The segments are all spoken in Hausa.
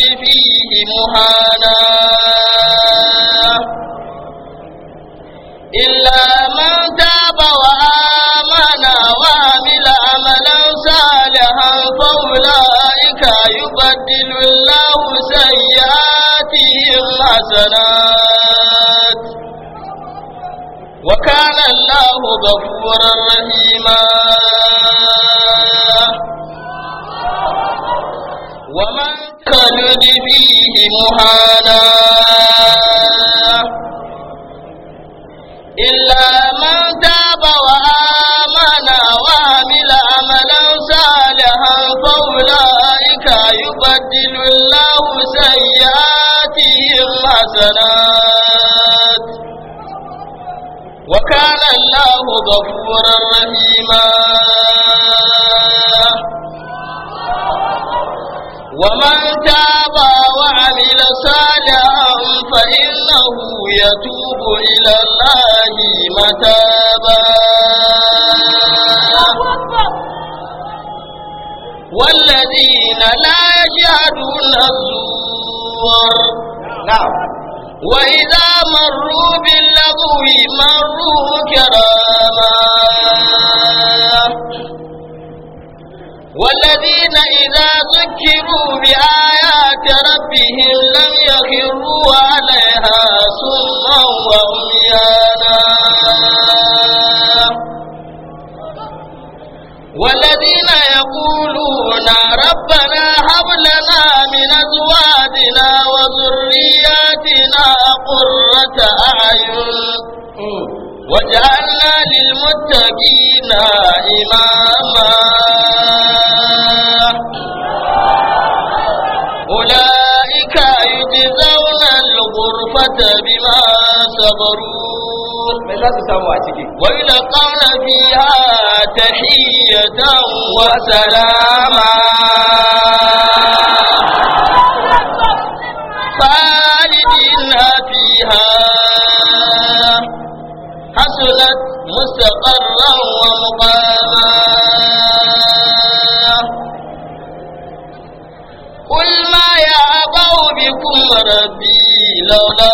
فيه مهانا إلا من تاب وآمن وعمل عملا صالحا فأولئك يبدل الله سيئاتهم حسنات وكان الله غفورا رحيما ومن تجد فيه مهانا إلا من تاب وآمن وعمل عملا صالحا فأولئك يبدل الله سيئاتهم حسنات وكان الله غفورا رحيما ومن تاب وعمل صالحا فإنه يتوب إلى الله متابا والذين لا يشهدون الزور نعم وإذا مروا باللغو مروا كراما والذين إذا ذكروا بآيات ربهم لم يخروا عليها سما وعميانا والذين يقولون ربنا هب لنا من أزواجنا وذرياتنا قرة أعين وجعلنا للمتقين إماما أولئك يجزون الغرفة بما صبروا ويلقون فيها تحية وسلاما خالدين فيها حصلت مستقرا ومقاما بكم ربي لولا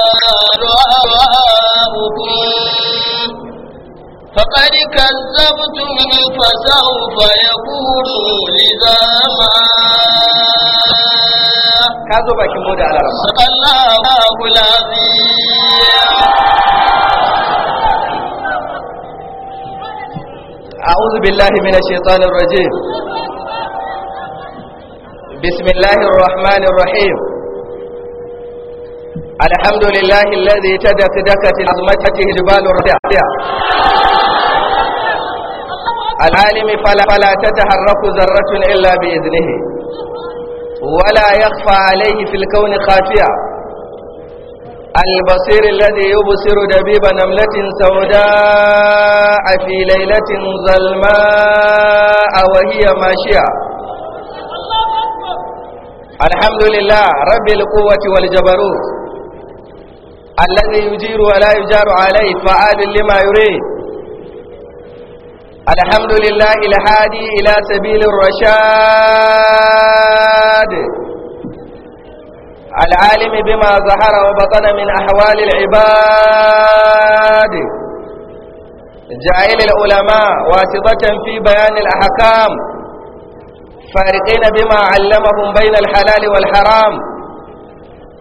رعاؤكم فقد كذبتم فسوف يكون لزاما كذو باكي مودة على رب صدق الله العظيم أعوذ بالله من الشيطان الرجيم بسم الله الرحمن الرحيم الحمد لله الذي تدك دكت عظمته جبال الرفيع العالم فلا, فلا تتحرك ذرة إلا بإذنه ولا يخفى عليه في الكون خافية البصير الذي يبصر دبيب نملة سوداء في ليلة ظلماء وهي ماشية الحمد لله رب القوة والجبروت الذي يجير ولا يجار عليه فعاد لما يريد الحمد لله الهادي إلى سبيل الرشاد العالم بما ظهر وبطن من أحوال العباد جعل العلماء واسطة في بيان الأحكام فارقين بما علمهم بين الحلال والحرام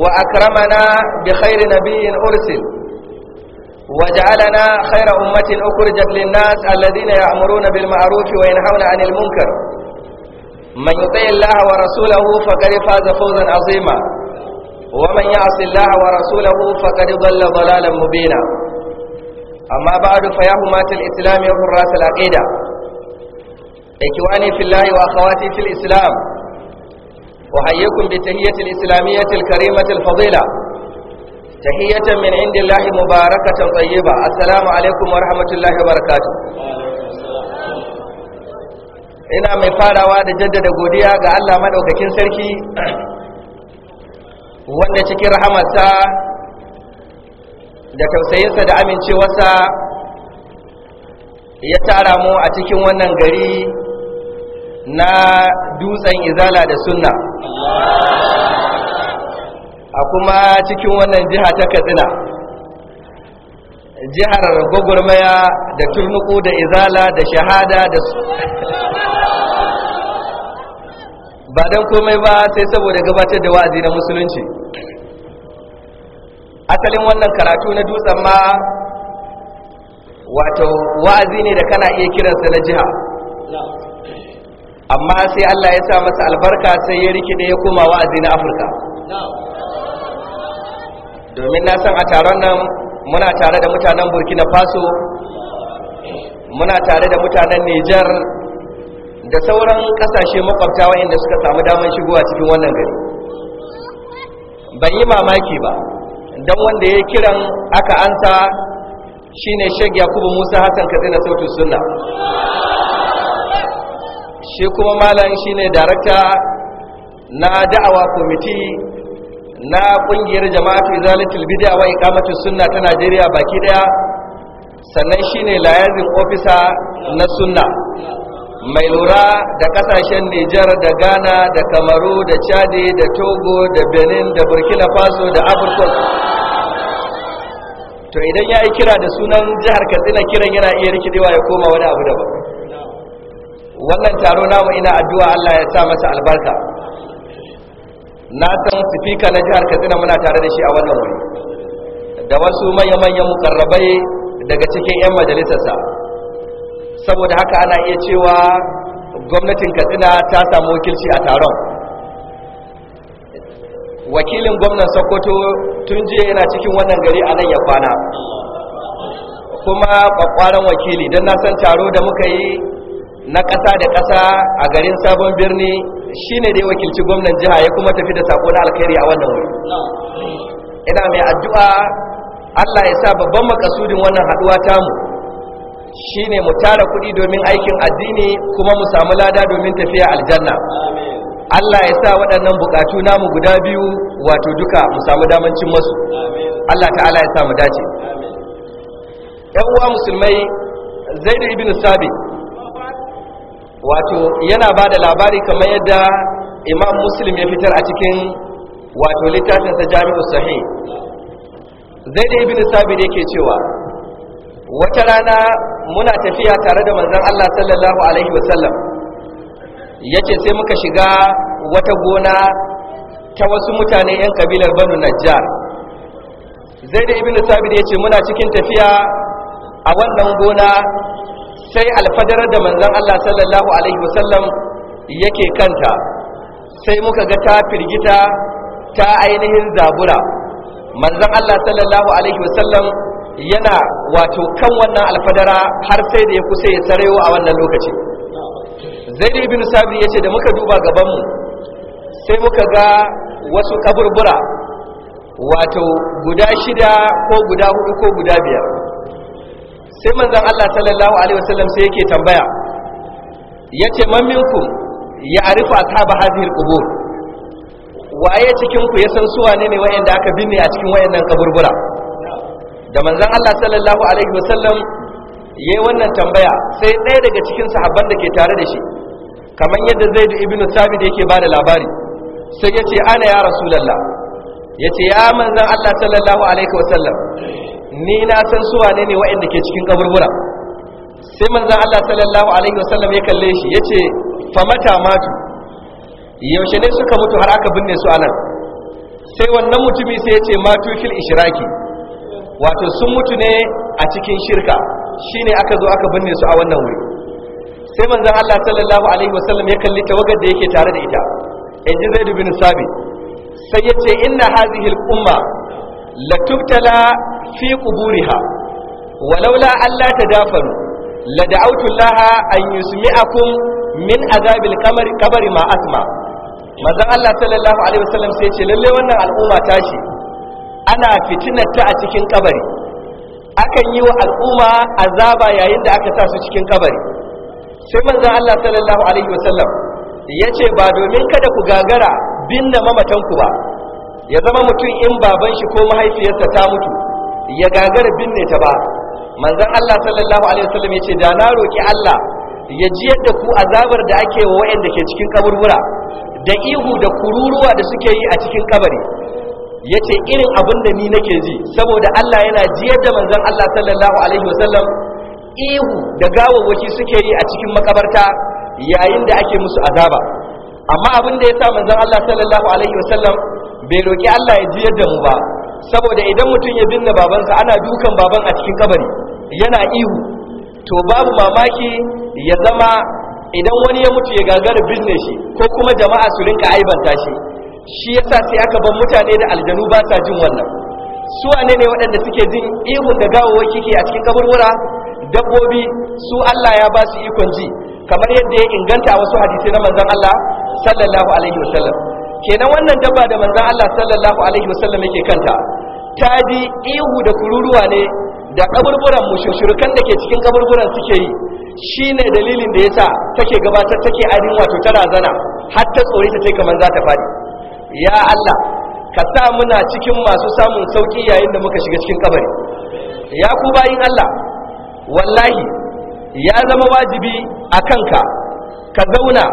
وأكرمنا بخير نبي أرسل وجعلنا خير أمة أخرجت للناس الذين يأمرون بالمعروف وينهون عن المنكر من يطيع الله ورسوله فقد فاز فوزا عظيما ومن يعص الله ورسوله فقد ضل ضلالا مبينا أما بعد فيا همات الإسلام وحراس العقيدة إخواني في الله وأخواتي في الإسلام أحييكم بتهية الإسلامية الكريمة الفضيلة تحية من عند الله مباركة طيبة السلام عليكم ورحمة الله وبركاته ina mai farawa da jaddada godiya ga Allah madaukakin sarki wanda cikin rahamarsa da tausayinsa da amincewarsa ya tara mu a cikin wannan gari na dutsen izala da sunna a kuma cikin wannan jiha ta katsina jihar gwagwarmaya da turnuku da izala da shahada da ba don komai ba sai saboda gabatar da wa'azi na musulunci asalin wannan karatu na dutsen ma wato wa'azi ne da kana iya kiransa na jiha amma sai Allah ya sa masa albarka sai ya ne ya koma wa'azi na Afirka domin na san a taron nan muna tare da mutanen Burkina Faso muna tare da mutanen Nijar da sauran kasashe makwabta waɗanda suka samu damar shigowa cikin wannan gari ban yi mamaki ba don wanda ya kiran aka ansa shine Sheikh Yakubu Musa Hassan Katsina Sautu Sunna shi kuma malam shine darakta na da'awa komiti na kungiyar jama'atu izalatul bid'a wa iqamatus sunna ta Najeriya baki daya sannan shine layazin ofisa na sunna mai lura da kasashen Nijar da Ghana da Kamaru da Chadi da Togo da Benin da Burkina Faso da Afirka to idan ya yi kira da sunan jihar Katsina kiran yana iya rikidewa ya koma wani abu daban wannan taro namu ina addu'a Allah ya sa masa albarka na san sifika na jihar katsina muna tare da shi a wannan wuri da wasu manya-manyan mukarrabai daga cikin 'yan majalisarsa saboda haka ana iya cewa gwamnatin katsina ta samu wakilci a taron wakilin gwamnan sokoto tun jiya yana cikin wannan gari a nan ya kwana kuma kwakwaran wakili don na san taro da muka yi na ƙasa da ƙasa a garin sabon birni shine da ya wakilci gwamnan jiha ya kuma tafi da sako na alkhairi a wannan wuri ina mai addu'a Allah ya sa babban makasudin wannan haduwa tamu shine mu tara kuɗi domin aikin addini kuma mu samu lada domin tafiya aljanna Allah ya sa waɗannan buƙatu namu guda biyu wato duka mu samu damancin wasu Allah ta'ala ya sa mu dace ‘yan uwa musulmai zaidu ibn sabi wato yana ba da labari kamar yadda imam muslim ya fitar a cikin wato littafinsa jami'u sahi zai da ibn sabir yake cewa wata rana muna tafiya tare da manzan Allah sallallahu alaihi wasallam ya ce sai muka shiga wata gona ta wasu mutane yan kabilar banu najjar zai da ibn sabir ce muna cikin tafiya a wannan gona sai alfadarar da manzan Allah sallallahu alaihi wasallam yake kanta sai muka ga ta firgita ta ainihin zabura manzan Allah sallallahu alaihi wasallam yana wato kan wannan alfadara har sai da ya kusa ya tsarewa a wannan lokaci zaid ibn sabir yace da muka duba gabanmu sai muka ga wasu kaburbura wato guda shida ko guda hudu ko guda biyar sai manzan Allah sallallahu alaihi wasallam sai yake tambaya yace man minkum ya arifa ashabu hadhihi alqubur waye cikin ku ya san su wane ne wayanda aka binne a cikin wayannan kaburbura da manzan Allah sallallahu alaihi wasallam yayi wannan tambaya sai ɗaya daga cikin sahabban da ke tare da shi kamar yadda Zaid ibn Thabit yake bada labari sai yace ana ya rasulullah yace ya manzan Allah sallallahu alaihi wasallam ni na san su wane ne wa'inda ke cikin kaburbura sai manzan Allah sallallahu alaihi wasallam ya kalle shi ya fa mata matu yaushe ne suka mutu har aka binne su anan sai wannan mutumi sai yace matu fil ishiraki wato sun mutu ne a cikin shirka shine aka zo aka binne su a wannan wuri sai manzan Allah sallallahu alaihi wasallam ya kalli tawagar da yake tare da ita inji Zaid bin Sabit sai ce inna hadhihi al-umma latubtala fi quburiha walaula alla tadafaru lada'awtu laha an yusmi'akum min azabil qamar ma asma manzo Allah sallallahu alaihi wasallam sai ce lalle wannan al'umma tashi ana fitinar ta a cikin kabari akan yi wa al'umma azaba yayin da aka sa su cikin kabari sai manzo Allah sallallahu alaihi wasallam yace ba domin kada ku gagara binne ku ba ya zama mutum in baban shi ko mahaifiyarsa ta mutu ya gagara binne ta ba manzon Allah sallallahu alaihi wasallam yace da na roki Allah ya ji yadda ku azabar da ake wa wayanda ke cikin kaburbura da ihu da kururuwa da suke yi a cikin kabari yace irin abin da ni nake ji saboda Allah yana ji yadda manzon Allah sallallahu alaihi wasallam ihu da gawawwaki suke yi a cikin makabarta yayin da ake musu azaba amma abin da ya sa manzon Allah sallallahu alaihi wasallam bai roƙi Allah ya jiyar da mu ba saboda idan mutum ya binne babansa ana dukan baban a cikin kabari yana ihu to babu mamaki ya zama idan wani ya mutu ya gagara binne shi ko kuma jama'a su rinka aibanta shi shi yasa sai aka bar mutane da aljanu ba sa jin wannan su wane ne waɗanda suke jin ihun da gawawaki kike a cikin kaburbura dabbobi su Allah ya ba su ikon ji kamar yadda ya inganta wasu hadisai na manzon Allah sallallahu alaihi wasallam kenan wannan dabba da manzan Allah sallallahu alaihi wasallam yake kanta ta ji ihu da kururuwa ne da kaburburan mushushurkan da ke cikin kaburburan suke yi shine dalilin da ya yasa take gabatar take adin wato tana zana har ta tsore ta kai kamar za ta fadi ya Allah ka sa muna cikin masu samun sauki yayin da muka shiga cikin kabari ya ku bayin Allah wallahi ya zama wajibi a kanka ka zauna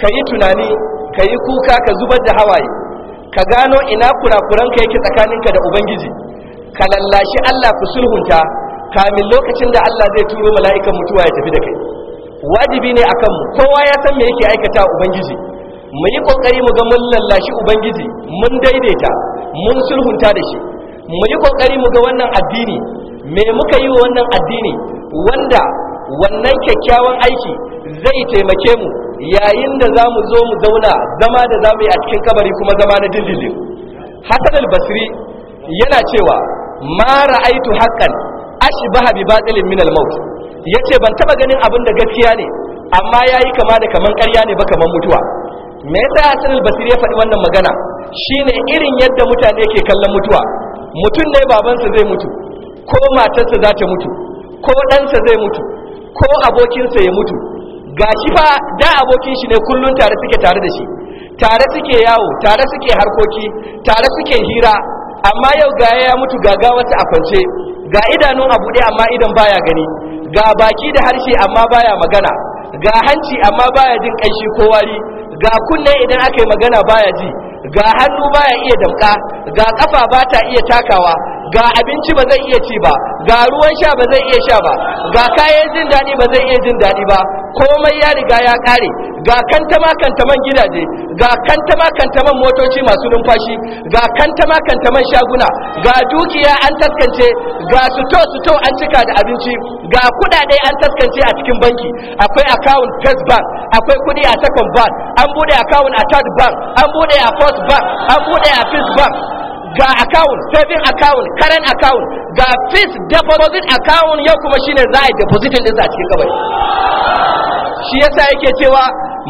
ka yi tunani ka yi kuka ka zubar da hawaye ka gano ina kurakuranka yake tsakaninka da ubangiji ka lallashi Allah ku sulhunta kamin lokacin da Allah zai turo mala'ikan mutuwa ya tafi da kai wajibi ne a kanmu kowa ya san me yake aikata ubangiji mu yi kokari mu ga mun lallashi ubangiji mun daidaita mun sulhunta da shi mu yi kokari mu ga wannan addini me muka yi wa wannan addini wanda wannan kyakkyawan aiki zai taimake mu yayin da za mu zo mu zauna zama da za mu yi a cikin kabari kuma zama na dindindin hasan al-basri yana cewa ma ra'aitu haqqan ashbaha bi batilin min al-maut yace ban taɓa ganin abin da gaskiya ne amma yayi kama da kaman ƙarya ne ba kaman mutuwa me yasa hasan al-basri ya faɗi wannan magana shine irin yadda mutane ke kallon mutuwa mutum ne babansa zai mutu ko matarsa za ta mutu ko ɗansa zai mutu ko abokinsa ya mutu Ga shi fa da abokin shi ne kullun tare suke tare da shi tare suke yawo tare suke harkoki tare suke hira amma yau ga ya mutu ga wata a kwance ga idanun a buɗe amma idan baya gani ga baki da harshe amma baya magana ga hanci amma baya jin ƙanshi ko wari ga kunne idan aka yi magana baya ji ga hannu baya iya damka ga ƙafa ba ta iya takawa ga abinci ba zai iya ci ba ga ruwan sha ba zai iya sha ba ga kayan jin daɗi ba zai iya jin daɗi ba komai ya riga ya ƙare ga kantama kantaman gidaje ga kantama kantaman motoci masu numfashi ga kantama kantaman shaguna ga dukiya an taskance ga suto suto an cika da abinci ga kuɗaɗe an taskance a cikin banki akwai account test bank akwai kuɗi a second bank an buɗe account a third bank an buɗe a fourth bank an buɗe a fifth bank ga akawun saving akawun current account ga fixed deposit account yau kuma shine za a yi depositin din a cikin kabari shi yasa yake cewa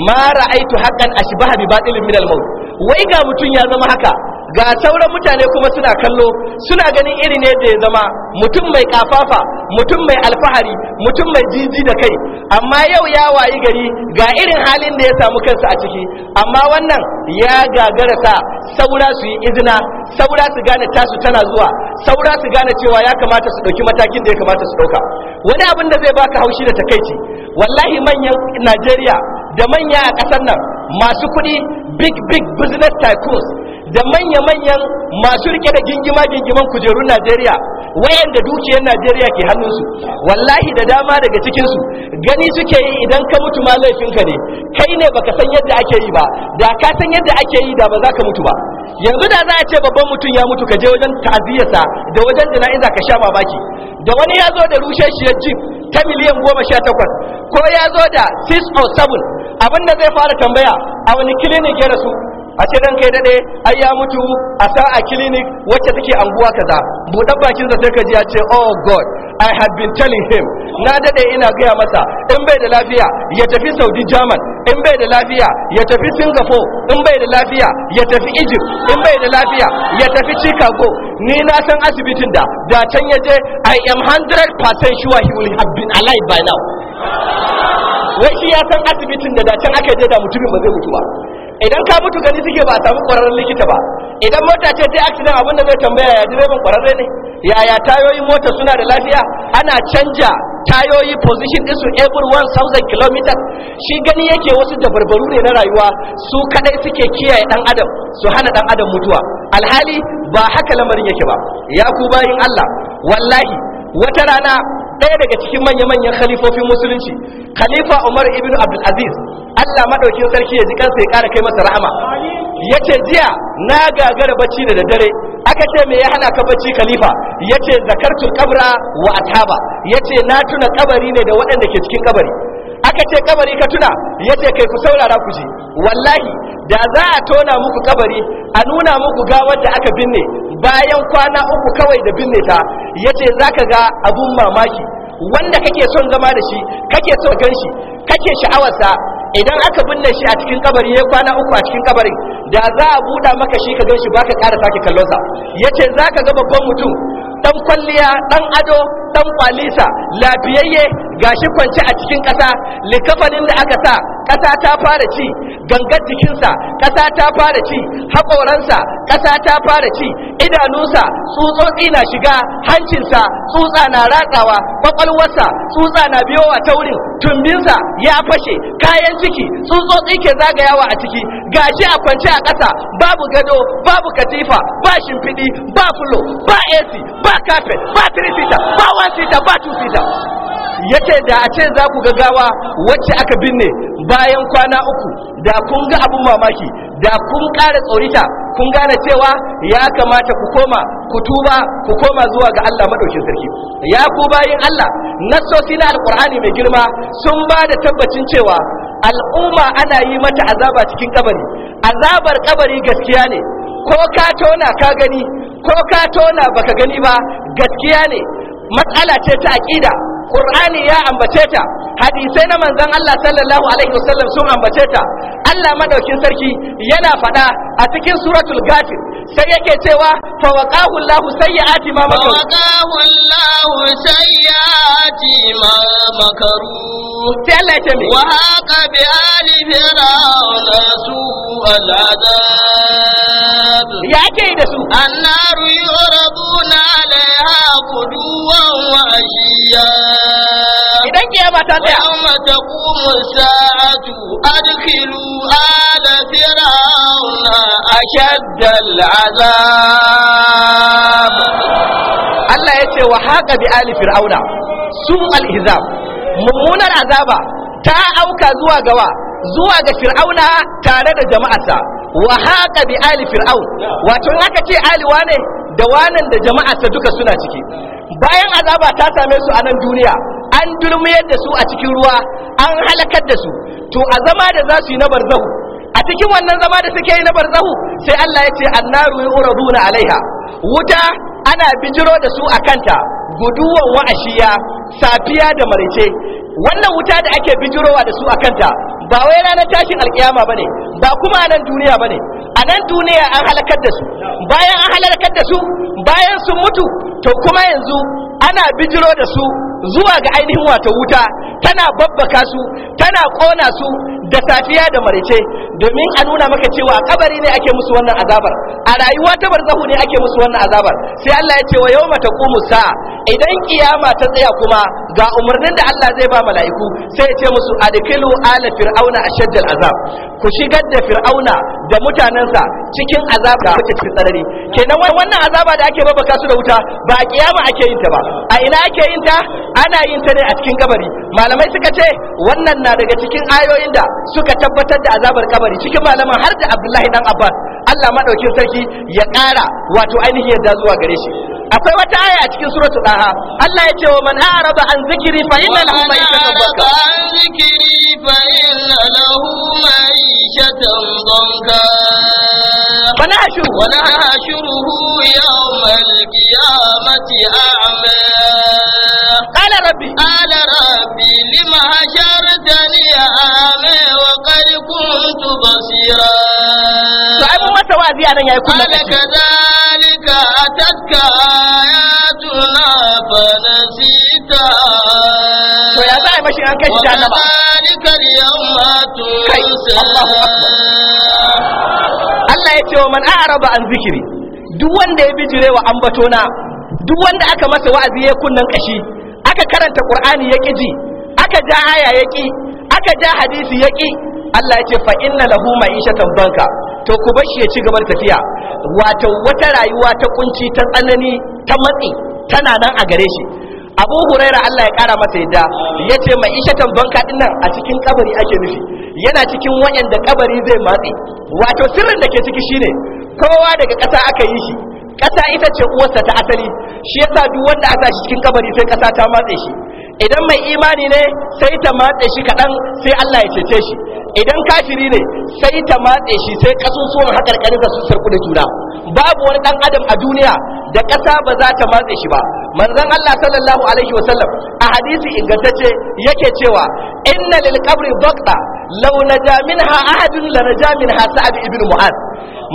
mara haƙan ra'aitu haqqan ashbaha bi batilin min al wai ga mutum ya zama haka ga sauran mutane kuma suna kallo suna ganin iri ne da ya zama mutum mai kafafa mutum mai alfahari mutum mai jiji da kai amma yau ya wayi gari ga irin halin da ya samu kansa a ciki amma wannan ya gagara sa saura su yi izina saura su gane tasu tana zuwa saura su gane cewa ya kamata su ɗauki matakin da ya kamata su ɗauka wani abin da zai baka haushi da takaici wallahi manyan najeriya da manya a ƙasar nan masu kuɗi big big business tycoons da manya-manyan masu rike da gingima-gingiman kujerun najeriya wayanda dukiyar najeriya ke hannunsu wallahi da dama daga cikinsu gani suke yi idan ka mutu ma laifinka ne kai ne baka san yadda ake yi ba da ka san yadda ake yi da ba za ka mutu ba yanzu da za a ce babban mutum ya mutu ka je wajen ta'aziyarsa da wajen jana'iza ka sha mamaki da wani ya zo da rushe shi ya jeep ta miliyan goma sha takwas ko ya zo da six or oh seven abin da zai fara tambaya a wani clinic ya rasu a ce dan kai dade ai ya mutu a sa a clinic wacce take anguwa kaza budan bakin sa sai ka ji ya ce oh god i had been telling him na dade ina gaya masa in bai da lafiya ya tafi saudi german in bai da lafiya ya tafi singapore in bai da lafiya ya tafi egypt in bai da lafiya ya tafi chicago ni na san asibitin da da can ya je i am 100% sure he will have been alive by now wai shi ya san asibitin da da can aka je da mutumin ba zai mutu ba idan ka mutu gani suke ba samu kwararren likita ba idan mota ce ta accident abin da zai tambaya ya direban kwararre ne yaya tayoyin mota suna da lafiya ana canja tayoyi position su every 1000 km shi gani yake wasu da barbaru ne na rayuwa su kadai suke kiyaye ɗan adam su hana ɗan adam mutuwa alhali ba haka lamarin yake ba ya ku bayin Allah wallahi wata rana ɗaya daga cikin manya-manyan khalifofin musulunci khalifa umar ibn abdulaziz allah maɗaukin sarki ya ji kansa ya ƙara kai masa rahama ya ce jiya na gagara bacci da daddare aka ce me ya hana ka bacci khalifa ya ce zakartul kabra wa ataba ya ce na tuna kabari ne da waɗanda ke cikin kabari aka ce kabari ka tuna ya ce kai ku saurara ku ji wallahi da za a tona muku kabari a nuna muku gawar da aka binne bayan kwana uku kawai da binne ta yace zaka ga abun mamaki wanda kake son zama da shi kake son gan shi kake sha'awarsa idan aka binne shi a cikin kabari ya kwana uku a cikin kabarin da za a buɗa maka shi ka gan shi baka ƙara sake kallonsa yace zaka ga babban mutum ɗan kwalliya ɗan ado ɗan kwalisa lafiyayye gashi kwance a cikin ƙasa likafanin da aka sa ƙasa ta fara ci gangar jikinsa ƙasa ta fara ci haƙoransa ƙasa ta fara ci idanunsa tsutsotsi na shiga hancinsa tsutsa na ratsawa ƙwaƙwalwarsa tsutsa na biyowa ta wurin tumbinsa ya fashe kayan ciki tsutsotsi ke zagayawa a ciki gashi a kwance a ƙasa babu gado babu katifa ba shimfiɗi ba fulo ba ac ba kafet ba tirisita ba one ba two ya da a ce za ku gagawa wacce aka binne bayan kwana uku da kun ga abin mamaki da kun ƙara tsorita kun gane cewa ya kamata ku koma ku tuba ku koma zuwa ga Allah madaukin sarki ya ku bayin Allah nassosi na alqur'ani mai girma sun ba da tabbacin cewa al'umma ana yi mata azaba cikin kabari azabar kabari gaskiya ne ko ka tona ka gani ko ka tona baka gani ba gaskiya ne matsala ce ta aqida Qur'ani ya ambace ta hadisai na manzon Allah sallallahu alaihi wasallam sun ambace ta Allah madaukin sarki yana faɗa a cikin suratul gafir sai yake cewa fa waqahu Allahu sayyi'ati ma makaru waqahu Allahu sayyi'ati ma makaru tella ce ne wa haqa bi ali fir'auna su alada ya ke da su annaru yuraduna alaiha quduwan wa ashiya idan kiyama ta tsaya yawma taqumu sa'atu adkhilu آل فرعون أشد العذاب الله يتي وحاق بآل فرعون سوء الإذاب ممونا العذاب تا أوكا زوا جوا زوا فرعون تارد جماعة وحاق بآل فرعون وتنك تي آل وانه da wanan da jama'arsa duka suna ciki bayan azaba ta same su a nan duniya an durmiyar da su a cikin ruwa an halakar da su to a zama da za su yi na barzahu a cikin wannan zama da suke yi na barzahu sai Allah ya ce annaru na alaiha wuta ana bijiro da su a kanta, guduwan wa'ashiya safiya da marice wannan wuta da ake bijirowa da su a kanta, ba wai ranar tashin alkiyama bane ba kuma a nan duniya bane a nan duniya an halakar da su bayan an halakar da su bayan sun mutu to kuma yanzu ana bijiro da su zuwa ga ainihin wata wuta tana babbaka su tana kona su da safiya da marice domin a nuna maka cewa kabari ne ake musu wannan azabar a rayuwa ta barzahu ne ake musu wannan azabar sai Allah ya ce wa yawma taqumu sa idan kiyama ta tsaya kuma ga umarnin da Allah zai ba mala'iku sai ya ce musu adkilu ala fir'auna ashadd azab ku shigar da fir'auna da mutanensa cikin azab da kuke cikin tsarari kenan wannan azaba da ake babbaka su da wuta ba kiyama ake yin ta ba a ina ake yin ta ana yin ta ne a cikin kabari malamai suka ce wannan na daga cikin ayoyin da suka tabbatar da azabar kabari cikin malaman har da abdullahi dan abbas Allah madaukin sarki ya ƙara wato ainihin yadda zuwa gare shi akwai wata aya a cikin suratu daha Allah ya ce wa man araba an zikiri fa inna lahu ma'ishatan banka an zikiri fa inna lahu ma'ishatan banka wa nahshuru wa nahshuruhu yawmal qiyamati a'ma qala rabbi qala rabbi lima hashartani a'ma wa qad kuntu basira masa wa'azi a nan yayi kullum kace kadalika atatka ayatuna fanasita to ya sai mashi an kashi shi ba kadalika yawma tunsa Allahu akbar Allah ya ce wa man a'raba an zikiri duk wanda ya bijire wa bato na duk wanda aka masa wa'azi ya kunnan kashi aka karanta qur'ani ya kiji aka ja aya ya ki aka ja hadisi ya ki Allah ya ce fa inna lahu ma'ishatan banka to ku bar shi ya ci gaba da tafiya wato wata rayuwa ta kunci ta tsanani ta matsi tana nan a gare shi abu huraira allah ya kara masa yadda ya ce mai ishatan banka dinnan a cikin kabari ake nufi yana cikin da kabari zai matsi wato sirrin da ke ciki shine kowa daga ƙasa aka yi shi ƙasa ita ce uwarsa ta asali shi yasa duk wanda aka shi cikin kabari sai ƙasa ta matse shi idan mai imani ne sai ta matse shi kaɗan sai Allah ya cece shi idan kafiri ne sai ta matse shi sai kasusuwan hakarkarin da sun sarku da juna babu wani ɗan adam a duniya da ƙasa ba za ta matse shi ba manzon Allah sallallahu alaihi wasallam a hadisi ingantacce yake cewa inna lil qabri daqta law naja ahadun lanaja minha sa'ad ibn mu'adh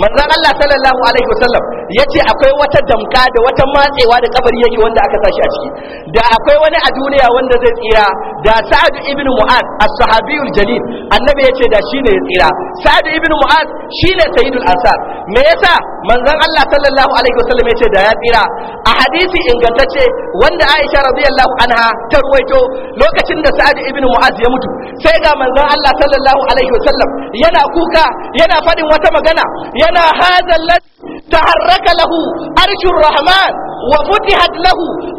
manzon Allah sallallahu alaihi wasallam Ya ce akwai wata damka da wata matsewa da kabar yake wanda aka sashi a ciki da akwai wani a duniya wanda zai tsira da sa'ad ibn mu'ad as-sahabiyul jalil annabi yace da shine ya tsira sa'ad ibn mu'ad shine sayyidul ansar me yasa manzon Allah sallallahu alaihi wasallam yace da ya tsira a hadisi ingantacce wanda Aisha radiyallahu anha ta ruwaito lokacin da sa'ad ibn mu'ad ya mutu sai ga manzon Allah sallallahu alaihi wasallam yana kuka yana fadin wata magana yana hadal taharrak تبارك له أرش الرحمن وفتحت له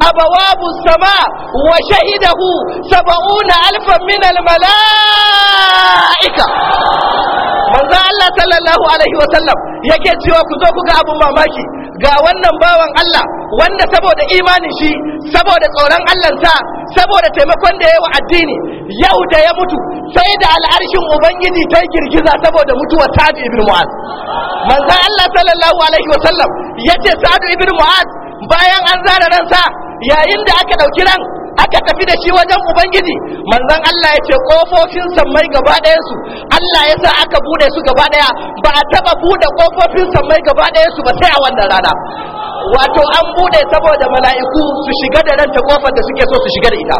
أبواب السماء وشهده سبعون ألفا من الملائكة manzo Allah sallallahu alaihi wa sallam yake cewa ku zo ku ga abun mamaki ga wannan bawan Allah wanda saboda imanin shi saboda tsoron Allah sa saboda taimakon da wa addini yau da ya mutu sai da al'arshin ubangiji ta girgiza saboda mutuwar Sa'adu ibn mu'ad manzo Allah sallallahu alaihi wasallam yace sadu ibn Mu'ad bayan an zara ransa yayin da aka dauki ran aka tafi da shi wajen ubangiji manzon Allah ya ce kofofin sammai gaba ɗayan su Allah ya sa aka bude su gaba ɗaya ba a taba bude kofofin sammai gaba ɗayan su ba sai a wannan rana wato an bude saboda mala'iku su shiga da ranta kofar da suke so su shiga da ita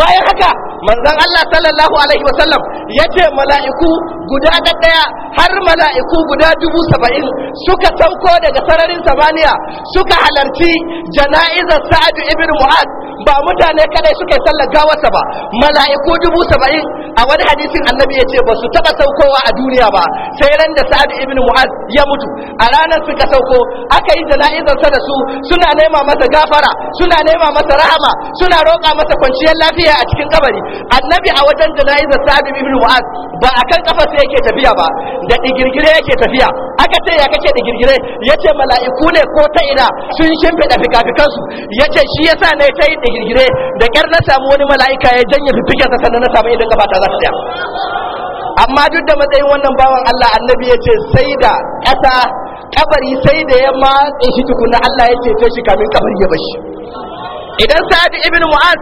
bayan haka manzan Allah sallallahu alaihi wasallam yace mala'iku guda da ɗaya har mala'iku guda dubu saba'in suka sauko daga sararin samaniya suka halarci jana'izar sa'adu ibn mu'ad ba mutane kadai suka yi sallar gawarsa ba mala'iku dubu saba'in a wani hadisin annabi ya ce ba su taɓa saukowa a duniya ba sai ran da sa'adu ibn mu'ad ya mutu a ranar suka sauko aka yi jana'izar sa da su suna nema masa gafara suna nema masa rahama suna roƙa masa kwanciyar lafiya a cikin kabari annabi a wajen jana'izar sa'adu ibn mu'ad ba kan kafa sai yake tafiya ba da digirgire yake tafiya aka ce ya kake digirgire yace mala'iku ne ko ta ina sun shimfida fikafikansu yace shi yasa ne ta yi digirgire da kyar na samu wani mala'ika ya janye fifikinsa sannan na samu idan gabata za ta tsaya amma duk da matsayin wannan bawan Allah annabi ya ce sai da ƙasa kabari sai da ya in shi tukuna Allah ya ce shi kamin kabari ya bashi idan sa'ad ibn mu'az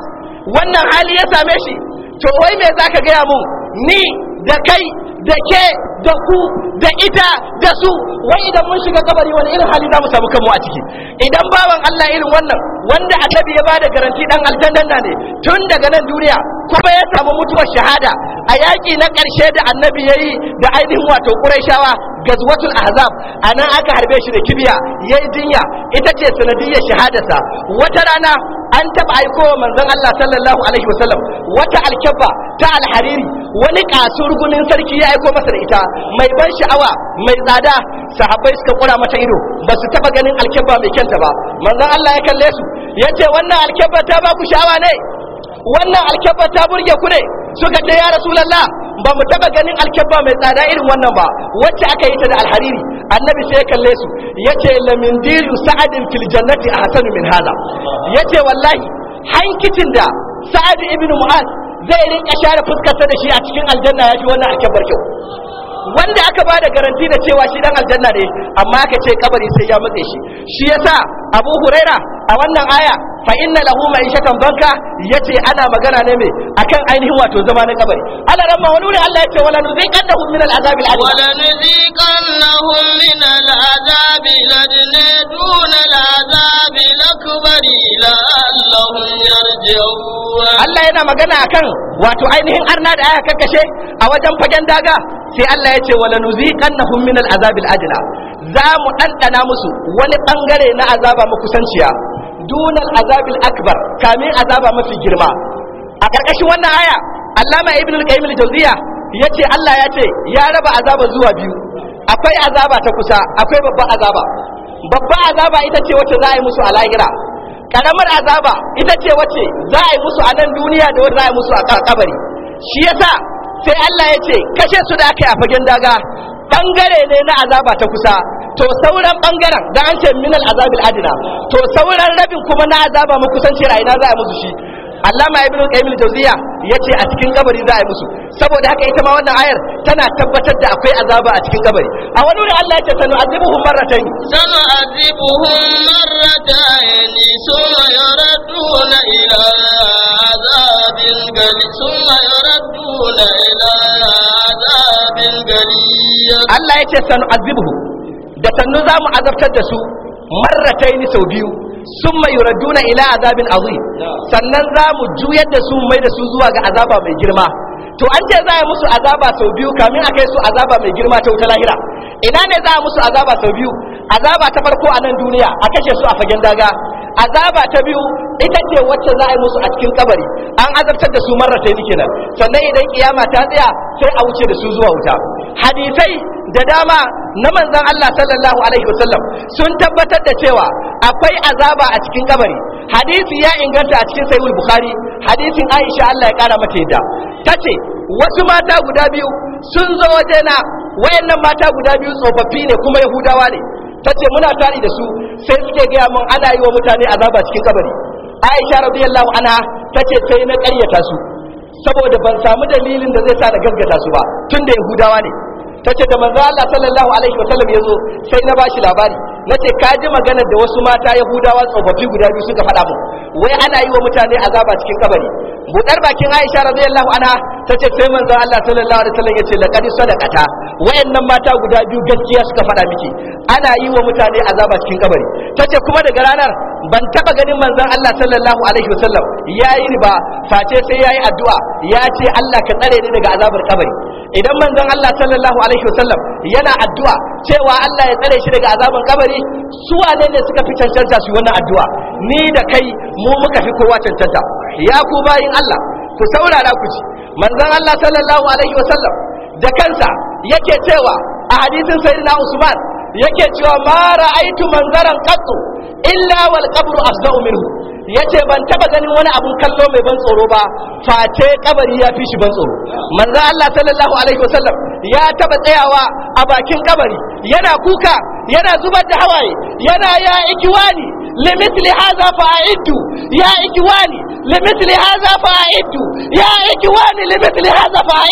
wannan hali ya same shi to wai me zaka gaya mun ni da kai da ke da ku da ita da su wai idan mun shiga kabari wani irin hali za mu samu kanmu a ciki idan bawan Allah irin wannan wanda annabi ya bada garanti dan aljanna ne tun daga nan duniya kuma ya samu mutuwar shahada a yaki na ƙarshe da annabi yayi da ainihin wato Qurayshawa gazwatul ahzab nan aka harbe shi da kibiya yayi dinya ita ce sanadiyyar shahadasa. wata rana an taba aiko manzon Allah sallallahu alaihi wasallam wata alkabba ta alhariri wani kasurgunin sarki ya aiko masa da ita mai ban sha'awa mai tsada sahabbai suka kura mata ido ba su taba ganin alkabba mai kyanta ba manzon Allah ya kalle su yace wannan alkabba ta ba ku sha'awa ne wannan alkabba ta burge ku ne suka ce ya rasulullah ba mu taba ganin alkebba mai tsada irin wannan ba wacce aka yi ta da alhariri annabi sai ya kalle su yace lamin diru sa'adin fil jannati ahsanu min hada yace wallahi hankicin da sa'ad ibn mu'az zai rinka share fuskarsa da shi a cikin aljanna yafi wannan alkebbar kyau wanda aka ba da garanti da cewa shi dan aljanna ne amma aka ce kabari sai ya matse shi shi yasa abu huraira a wannan aya fa inna lahu ma'ishatan banka yace ana magana ne mai akan ainihin wato zama na kabari Allah ran wani wurin Allah yace wala nuziqannahum min al'azabil wala nuziqannahum min al'azabil dun al'azabil la'allahum yarji'un Allah yana magana akan wato ainihin arna da aka kakashe a wajen fagen daga sai Allah yace wala nuziqannahum min al'azabil adna za mu ɗanɗana musu wani ɓangare na azaba makusanciya Dunar azabin akbar kamin azaba mafi girma a ƙarƙashin wannan aya allama ibn al-qayyim al-jawziya yace Allah ya ce ya raba azaba zuwa biyu akwai azaba ta kusa akwai babba azaba babba azaba ita ce wacce za a yi musu a lahira karamar azaba ita ce wacce za a yi musu a nan duniya da wacce za a yi musu a kabari shi yasa sai Allah ya ce kashe su da aka yi a fagen daga bangare ne na azaba ta kusa to sauran bangaren da an ce minal azabil adina to sauran rabin kuma na azaba makusanci rayuwa za a musu shi allama ibn qayyim jawziya yace a cikin kabari za a yi musu saboda haka ita ma wannan ayar tana tabbatar da akwai azaba a cikin kabari a wani wuri Allah yace sanu azibuhum marratayn sanu azibuhum marratayn summa yuraduna ila azabil gali summa yuraduna ila azabil gali Allah yace sanu azibuhum da sannu za mu azabtar da su ni sau biyu sun mai yuraduna ila azabin azim sannan za mu juyar da su mai da su zuwa ga azaba mai girma to an ce za a musu azaba sau biyu kamin a kai su azaba mai girma ta wuta lahira ina ne za a musu azaba sau biyu azaba ta farko a nan duniya a kashe su a fagen daga azaba ta biyu ita ce wacce za a yi musu a cikin kabari an azabtar da su ni kenan sannan idan kiyama ta tsaya sai a wuce da su zuwa wuta hadisai da dama na manzan Allah sallallahu alaihi wasallam sun tabbatar da cewa akwai azaba a cikin kabari hadisi ya inganta a cikin sahih bukhari hadisin Aisha Allah ya kara mata yadda ce wasu mata guda biyu sun zo wajena wayannan mata guda biyu tsofaffi ne kuma yahudawa ne Ta ce muna tari da su sai suke gaya mun ana yi wa mutane azaba cikin kabari Aisha radiyallahu anha ce sai na ƙaryata su saboda ban samu dalilin da zai sa da gaggata su ba tun da yahudawa ne tace da manzo Allah sallallahu alaihi wasallam yazo sai na bashi labari nace ka ji magana da wasu mata yahudawa tsofaffi guda biyu suka faɗa mu wai ana yi wa mutane azaba cikin kabari budar bakin Aisha radiyallahu anha ta ce sai manzo Allah sallallahu alaihi wasallam yace laqad sadaqata wayannan mata guda biyu gaskiya suka faɗa miki ana yi wa mutane azaba cikin kabari tace kuma daga ranar ban taba ganin manzon Allah sallallahu alaihi wasallam yayi riba face sai yayi addu'a ya ce Allah ka tsare ni daga azabar kabari idan manzon Allah sallallahu alaihi wasallam yana addu'a cewa Allah ya tsare shi daga azabar kabari su wane ne suka fi cancanta su wannan addu'a ni da kai mu muka fi kowa cancanta ya ku bayin Allah ku saurara ku ji Manzan Allah sallallahu alaihi wasallam da kansa yake cewa a hadisin sayyidina Usman yake cewa mara ra'aitu manzaran qattu illa wal qabru afza'u minhu yace ban taba ganin wani abun kallo mai ban tsoro ba face kabari ya fi shi ban tsoro Manzan Allah sallallahu alaihi wasallam ya taba tsayawa a bakin kabari yana kuka yana zubar da hawaye yana ya ikiwani Limitili haza fa a ya aiki wani haza fa a ya aiki wani haza fa a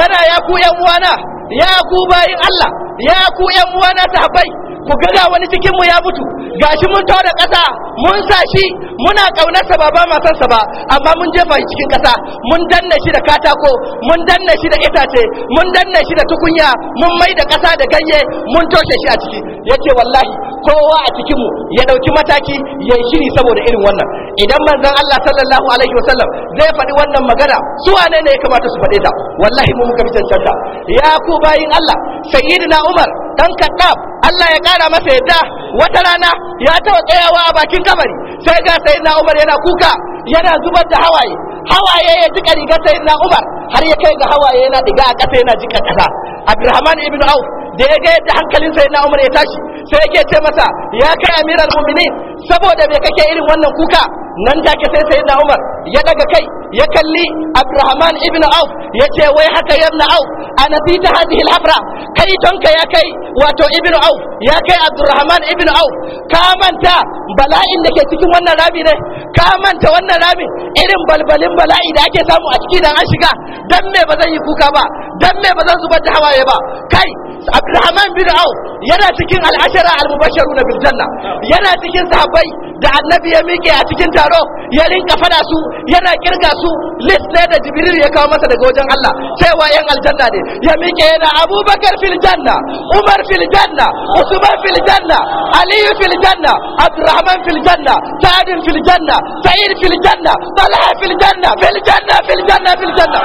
Yana ya kuyamuwa na ya kubari Allah ya kuyamuwa na sahibai. ku gaga wani cikin mu ya mutu gashi mun tawo da ƙasa mun sa shi muna ƙaunarsa ba ba masan ba amma mun jefa shi cikin ƙasa mun danna shi da katako mun danna shi da itace mun danna shi da tukunya mun mai da ƙasa da ganye mun toshe shi a ciki yace wallahi kowa a cikinmu ya ɗauki mataki ya yi shiri saboda irin wannan idan manzon Allah sallallahu alaihi wasallam zai faɗi wannan magana su wane ne ya kamata su faɗe ta wallahi mu muka bi cancanta ya ku bayin Allah sayyidina Umar dan Khattab Allah ya kara masa yadda wata rana ya taɓa tsayawa a bakin kabari sai ga sayyidina Umar yana kuka yana zubar da hawaye hawaye ya jika rigar sayyidina Umar har ya kai ga hawaye yana diga a ƙasa yana jika ƙasa Abdurrahman ibn Auf da ya ga yadda hankalin sayyidina Umar ya tashi sai yake ce masa ya kai amiral mu'minin saboda me kake irin wannan kuka nan take sai sayyidina Umar ya daga kai ya kalli Abdurrahman ibn Auf ya ce wai haka yabna Auf a nasita hadhihi al-habra kai tonka ya kai wato ibnu au ya kai abdurrahman ibnu au ka manta bala'in da ke cikin wannan rami ne ka manta wannan rami irin balbalin bala'i da ake samu a ciki dan an shiga dan me ba zan yi kuka ba dan me bazan zubar da hawaye ba kai Abdulrahman bin Auf yana cikin al'ashara al-mubasharu na biljanna yana cikin sahabbai da annabi ya miƙe a cikin taro ya rinka fada su yana kirga su list da jibril ya kawo masa daga wajen Allah cewa yan aljanna ne ya miƙe yana abubakar fil janna umar fil janna usman fil janna aliyu fil janna abdurrahman fil janna sa'ad fil janna sa'id fil janna talha fil janna fil janna fil janna fil janna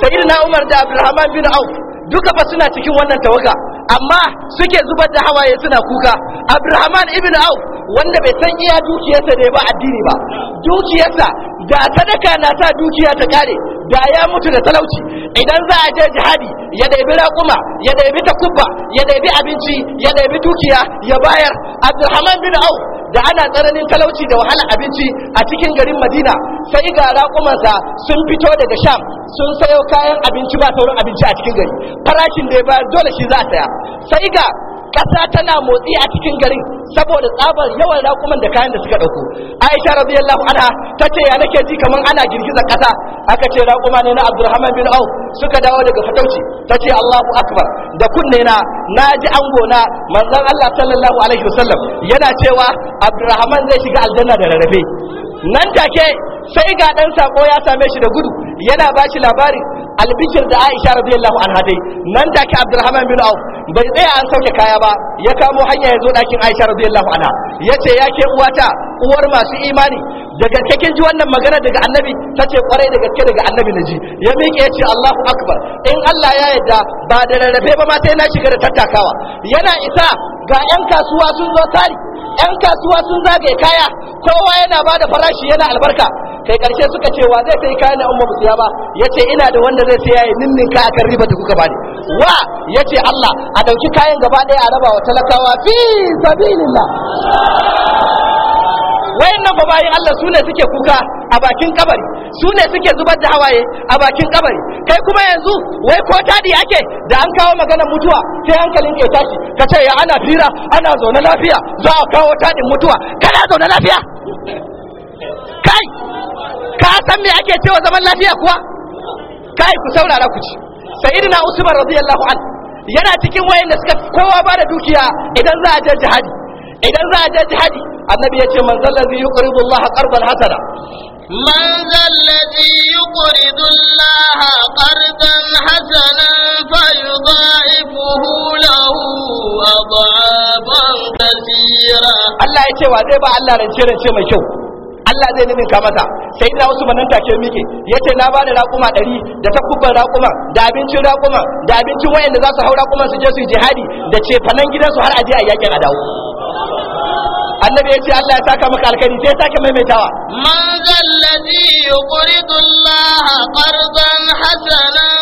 sayyidina Umar da Abdulrahman bin Auf duka fa suna cikin wannan tawaka, amma suke zubar da hawaye suna kuka Abdulrahman ibn Auf wanda bai san iya dukiyarsa da ba addini ba dukiyarsa da sadaka na sa dukiya ta kare da ya mutu da talauci idan za a je jihadi ya ɗabi raƙuma ya daibi takubba ya daibi abinci ya daibi dukiya ya bayar Abdulrahman bin Auf da ana tsananin talauci da wahala abinci a cikin garin madina sai ga raƙumansa sun fito daga sham sun sayo kayan abinci ba sauran abinci a cikin gari farashin da ya bayar dole shi za a saya sai ga kasa tana motsi a cikin garin saboda tsabar yawan rakuman da kayan da suka ɗauko aisha radiyallahu anha ta ya nake ji kamar ana girgiza kasa aka ce raƙuma ne na abdurrahman bin auf suka dawo daga fatauci tace ce allahu akbar da kunne na naji ango na gona manzon allah sallallahu alaihi wasallam yana cewa abdurrahman zai shiga aljanna da rarrafe nan take sai ga ɗan sako ya same shi da gudu yana ba shi labari albishir da aisha radiyallahu anha dai nan take abdurrahman bin auf bai tsaya an sauke kaya ba ya kamo hanya ya zo ɗakin aisha radiyallahu anha ya ce ya ke uwata uwar masu imani da gaske ji wannan magana daga annabi ta ce kwarai da gaske daga annabi na ji ya miƙe ya ce allahu akbar in allah ya yarda ba da rarrafe ba ma sai na shiga da tattakawa yana isa ga 'yan kasuwa sun zo tari 'yan kasuwa sun zagaye kaya kowa yana ba da farashi yana albarka kai karshe suka ce wa zai kai kayan da umma musiya ba Ya ce ina da wanda zai sai nin ninnin ka akan riba da kuka bani wa yace Allah a dauki kayan gaba ɗaya a raba wa talakawa fi sabilillah na fa yin Allah sune suke kuka a bakin kabari sune suke zubar da hawaye a bakin kabari kai kuma yanzu wai ko tadi ake da an kawo maganar mutuwa sai hankalin ke tashi ka ce ya ana fira ana na lafiya za a kawo tadin mutuwa kana zaune lafiya kai ka san me ake cewa zaman lafiya kuwa kai ku saurara ku ci sayyidina usman radiyallahu anhu yana cikin da suka kowa ba da dukiya idan za a je jihadi idan za a je jihadi annabi ya ce man zallazi yuqridu Allah qardan hasana man zallazi yuqridu Allah qardan hasanan fayudha'ifuhu lahu adhafan kaseera Allah ya ce wa zai ba Allah rance rance mai kyau Allah zai ka mata sai na wasu manan take miki, yace na bada raƙuma 100 da takubban raƙuma da abincin raƙuma da abincin wayanda za su hau raƙuman su je su jihadi da ce fanan su har aje a yakin a dawo annabi yace Allah ya saka maka alkhairi sai saka maimaitawa man zalladhi yuqridu qardan hasanan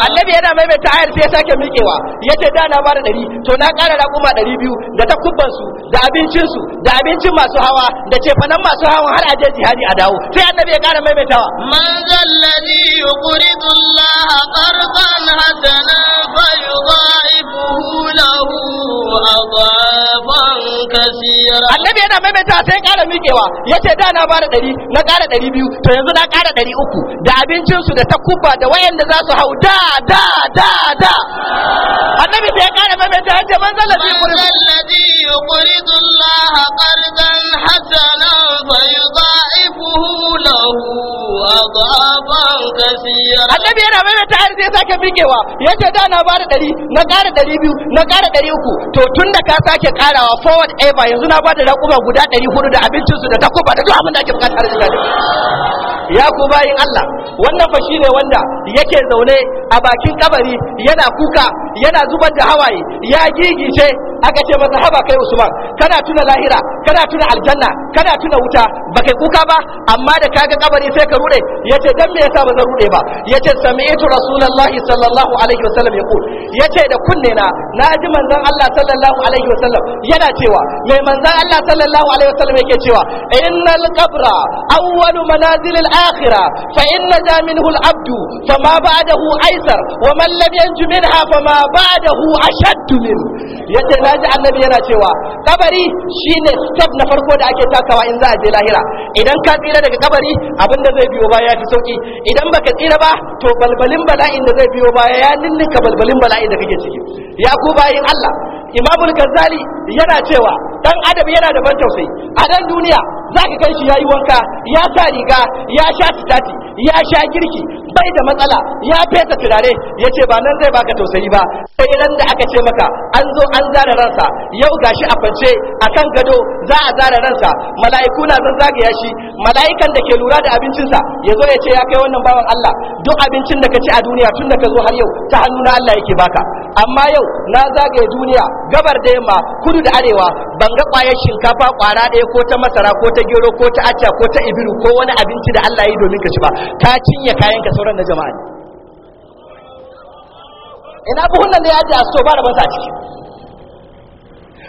annabi yana maimaita ayar ta'ayar sai sake miƙewa ya ce na mara ɗari to na kara da kuma dari biyu da ta kubansu da abincinsu da abincin masu hawa da ce masu hawa har ajiye jihadi a dawo sai annabi ya kara mai mai tawa mazalladi yi kuri tun la'akar zan hajjana Annabi yana كثيرا النبي sai ƙara miƙewa ya ce da na bada ɗari na ƙara ɗari biyu to yanzu na ƙara ɗari uku da abincinsu da takuba da wayanda za su hau da da da da annabi sai ya ƙara maimaita ya ce man zallabi yuridu kuri Allah qardan hasana fa lahu kaseera annabi yana maimaita har sai sake miƙewa ya ce da na bada ɗari na ƙara ɗari ɗari biyu na ƙara ɗari uku to tun da ka sake ƙarawa forward ever yanzu na ba da raƙuma guda ɗari hudu da abincinsu da takuba da duk abin da ake buƙata a rikin ya ku bayin Allah wannan fa shine wanda yake zaune a bakin kabari yana kuka yana zubar da hawaye ya gigice aka ce masa haba kai usman kana tuna lahira kana tuna aljanna kana tuna wuta ba kai kuka ba amma da kaga kabari sai ka rude yace dan me yasa ba zan rude ba yace sami'tu rasulullahi sallallahu alaihi wasallam yaqul yace da kunne na naji manzon Allah sallallahu alaihi wasallam yana cewa mai manzon Allah sallallahu alaihi wasallam yake cewa innal qabra awwalu manazil al akhirah fa inna da minhu al abdu fama ba'dahu aysar wa man lam yanju minha fama ba'dahu ashaddu min yace na na ji annabi yana cewa kabari shine step na farko da ake takawa in za a je lahira idan ka tsira daga kabari abin da zai biyo baya ya fi sauki idan baka tsira ba to balbalin bala'in da zai biyo baya ya ninninka balbalin bala'in da kake ciki ya ku bayin Allah imamul gazali yana cewa dan adam yana da ban tausayi a dan duniya za zaka kai shi yi wanka ya sa riga ya sha titati ya sha girki bai da matsala ya fesa turare ya ce ba nan zai baka tausayi ba sai ran da aka ce maka an zo an zara ransa yau gashi a kwance a kan gado za a zara ransa mala'iku na zan zagaya shi mala'ikan da ke lura da abincinsa ya zo ya ce ya kai wannan bawan Allah duk abincin da ka ci a duniya tun da ka zo har yau ta hannu na Allah yake baka amma yau na zagaye duniya gabar da yamma kudu da arewa ban ga kwayar shinkafa ƙwara ɗaya ko ta masara ko ta gero ko ta acca ko ta ibiru ko wani abinci da Allah ya yi domin ka ci ba ka cinye kayan ka sauran na jama'a ne ina buhun nan da ya ji a so ba da bansa a ciki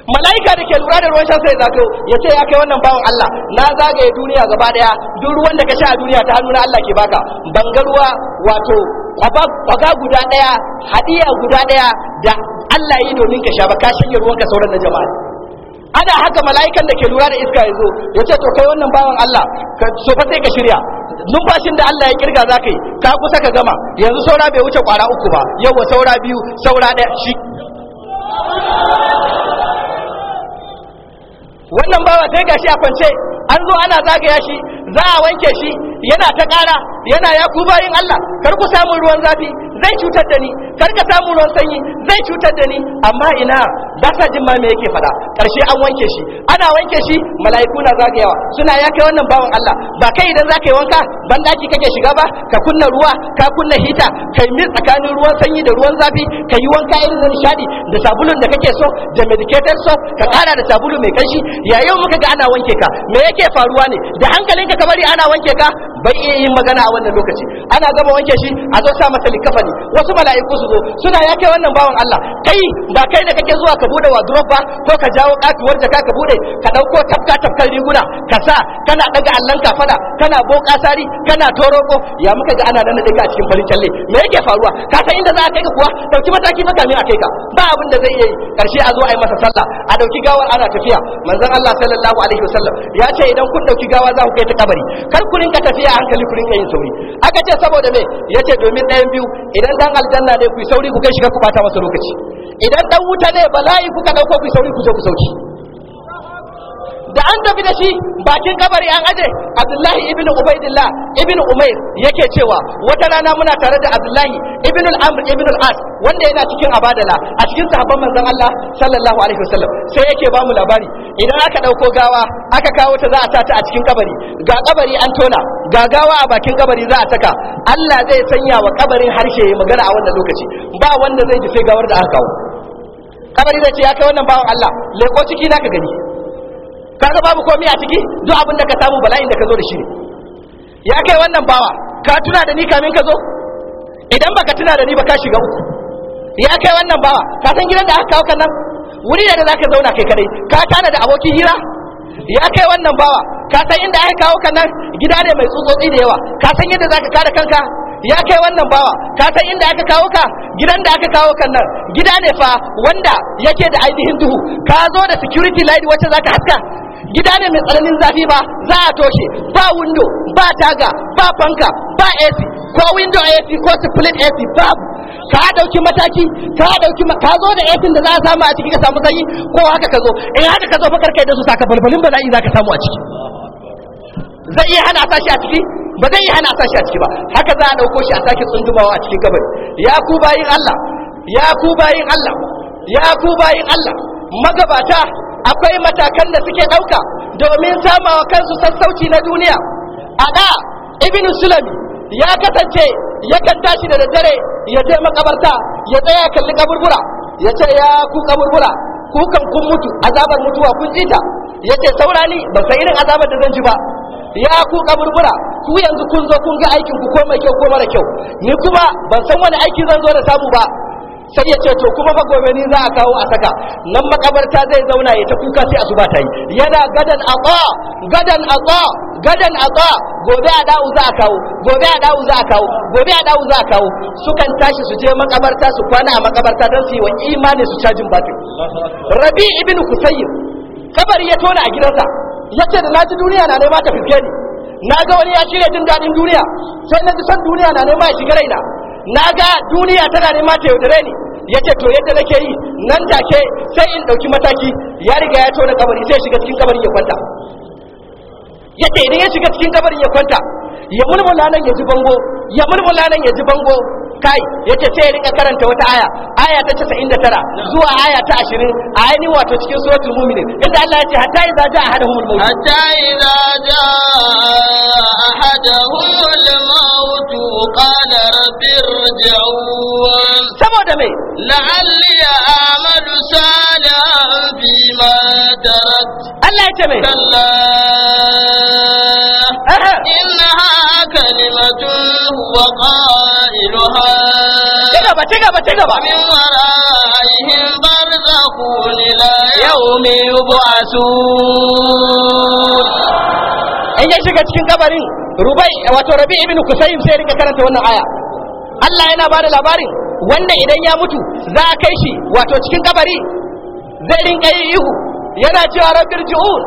mala'ika da ke lura da ruwan shan ya zagayo ya ce ya kai wannan bawan Allah na zagaye duniya gaba daya duk ruwan da ka sha a duniya ta hannu na Allah ke baka bangaruwa wato kwaga guda daya hadiya guda daya da Allah yi domin ka sha ba ka shanye ruwan ka sauran na jama'a ana haka mala'ikan da ke lura da iska ya zo ya ce to kai wannan bawan Allah so fa sai ka shirya numfashin da Allah ya kirga za ka yi ka kusa ka gama yanzu saura bai wuce kwara uku ba yawa saura biyu saura ɗaya shi wannan bawa sai gashi a kwance an zo ana zagaya shi za a wanke shi yana ta kara yana ya ku bayin Allah kar ku samu ruwan zafi zai cutar da ni kar ka samu ruwan sanyi zai cutar da ni amma ina ba sa jin ma me yake faɗa karshe an wanke shi ana wanke shi mala'iku na zagayawa suna ya kai wannan bawan Allah ba kai idan za ka wanka ban daki kake shiga ba ka kunna ruwa ka kunna hita kai mi tsakanin ruwan sanyi da ruwan zafi ka yi wanka irin na nishaɗi da sabulun da kake so da medicated soap ka kara da sabulu mai kanshi yayin muka ga ana wanke ka me yake faruwa ne da hankalinka ka bari ana wanke ka bai iya yin magana a wannan lokaci ana gama wanke shi a zo sa masa likafani wasu mala'iku su zo suna yake wannan bawan Allah kai ba kai da kake zuwa ka bude wardrobe ba ko ka jawo katuwar jaka ka bude ka dauko tafka tafkar riguna ka sa kana daga allan kafada kana boka sari kana toroko ya muka ga ana nan da a cikin farin kyalle me yake faruwa ka san inda za a kai ka kuwa dauki mataki maka ne a kai ka ba abin da zai yi karshe a zo a yi masa sallah a dauki gawar ana tafiya manzon Allah sallallahu alaihi wasallam ya ce idan kun dauki gawa za ku kai ta kabari kar ku rinka tafiya a hankali ku rinka yin sauri aka ce saboda me yace domin ɗayan biyu idan dan aljanna ne ku sauri ku kai shiga ku bata masa lokaci idan dan wuta ne bala'i kuka dauko ku sauri ku je ku sauki da an tafi da shi bakin kabari an aje abdullahi ibn ubaidillah ibn umair yake cewa wata rana muna tare da abdullahi ibn al-amr ibn al-as wanda yana cikin abadala a cikin sahabban manzon Allah sallallahu alaihi wasallam sai yake ba mu labari idan aka dauko gawa aka kawo ta za a sata a cikin kabari ga kabari an tona ga gawa a bakin kabari za a saka Allah zai sanya wa kabarin harshe magana a wannan lokaci ba wanda zai ji sai gawar da aka kawo kabari zai ce ya kai wannan bawan Allah leko ciki naka gani kaga babu komai a ciki duk abin da ka samu bala'in da ka zo da shi ne ya kai wannan bawa ka tuna da ni kamin ka zo idan baka tuna da ni ba ka shiga uku ya kai wannan bawa ka san gidan da aka kawo kan nan wuri da zaka zauna kai kadai ka tana da abokin hira ya kai wannan bawa ka san inda aka kawo kan nan gida ne mai tsutsotsi da yawa ka san yadda zaka kare kanka ya kai wannan bawa ka san inda aka kawo ka gidan da aka kawo kan nan gida ne fa wanda yake da ainihin duhu ka zo da security light wacce zaka haska gida ne mai tsananin zafi ba za a toshe ba window ba taga ba fanka ba AC ko window AC ko split AC ba ka dauki mataki ka dauki ka zo da AC da za a samu a ciki ka samu sanyi ko haka ka zo in haka ka zo fa karkai da su saka balbalin bala'i za ka samu a ciki zai iya hana sashi a ciki ba zai iya hana sashi a ciki ba haka za a dauko shi a saki tsundumawa a cikin kabari ya ku bayin Allah ya ku bayin Allah ya ku bayin Allah magabata akwai matakan da suke ɗauka domin samawa kansu sassauci na duniya a da ibn sulami ya kasance yakan tashi da daddare ya je makabarta ya tsaya kalli kaburbura ya ce ya ku kaburbura kukan kun mutu azabar mutuwa kun ji ya ce saurani ba sai irin azabar da zan ji ba ya ku kaburbura ku yanzu kun zo kun ga aikin ku ko mai kyau ko mara kyau ni kuma ban san wani aiki zan zo da samu ba sai ya ce to kuma fa gobe ni za a kawo a saka nan makabarta zai zauna ya ta kuka sai asuba ta yi yana gadan aqa gadan aqa gadan aqa gobe a dawo za a kawo gobe a dawo za a kawo gobe a dawo za a kawo sukan tashi su je makabarta su kwana a makabarta don su yi wa imani su cajin batir rabi ibn kusayyib kabari ya tona a gidansa ce da na ji duniya na nema ta fiske ni na ga wani ya shirya jin daɗin duniya sai na ji son duniya na nema ya shiga raina na ga duniya tana nema ta yaudare ni ya ce to yadda nake yi nan take sai in ɗauki mataki ya riga ya tona kabari sai shiga cikin kabarin ya kwanta ya ce idan ya shiga cikin kabarin ya kwanta ya mulmula nan ya ji bango ya mulmula nan ya ji bango kai ya ce sai ya rika karanta wata aya aya ta casa'in da tara zuwa aya ta ashirin a yi wato cikin suratul mumini inda Allah ya ce hatta idza ja'a ahaduhumul maut hatta idza ja'a ahaduhumul قال رب ارجعون سبوة مي لعلي أعمل سالا فيما درت الله يتمي كلا إنها كلمة هو قائلها تقبى تقبى تقبى من ورائهم برزقون إلى يوم يبعثون in ya shiga cikin kabarin rubai wato rabi ibn kusayin sai rika karanta wannan aya Allah yana bada labarin wanda idan ya mutu za a kai shi wato cikin kabari zai rinka yi ihu yana cewa rabbir ji'un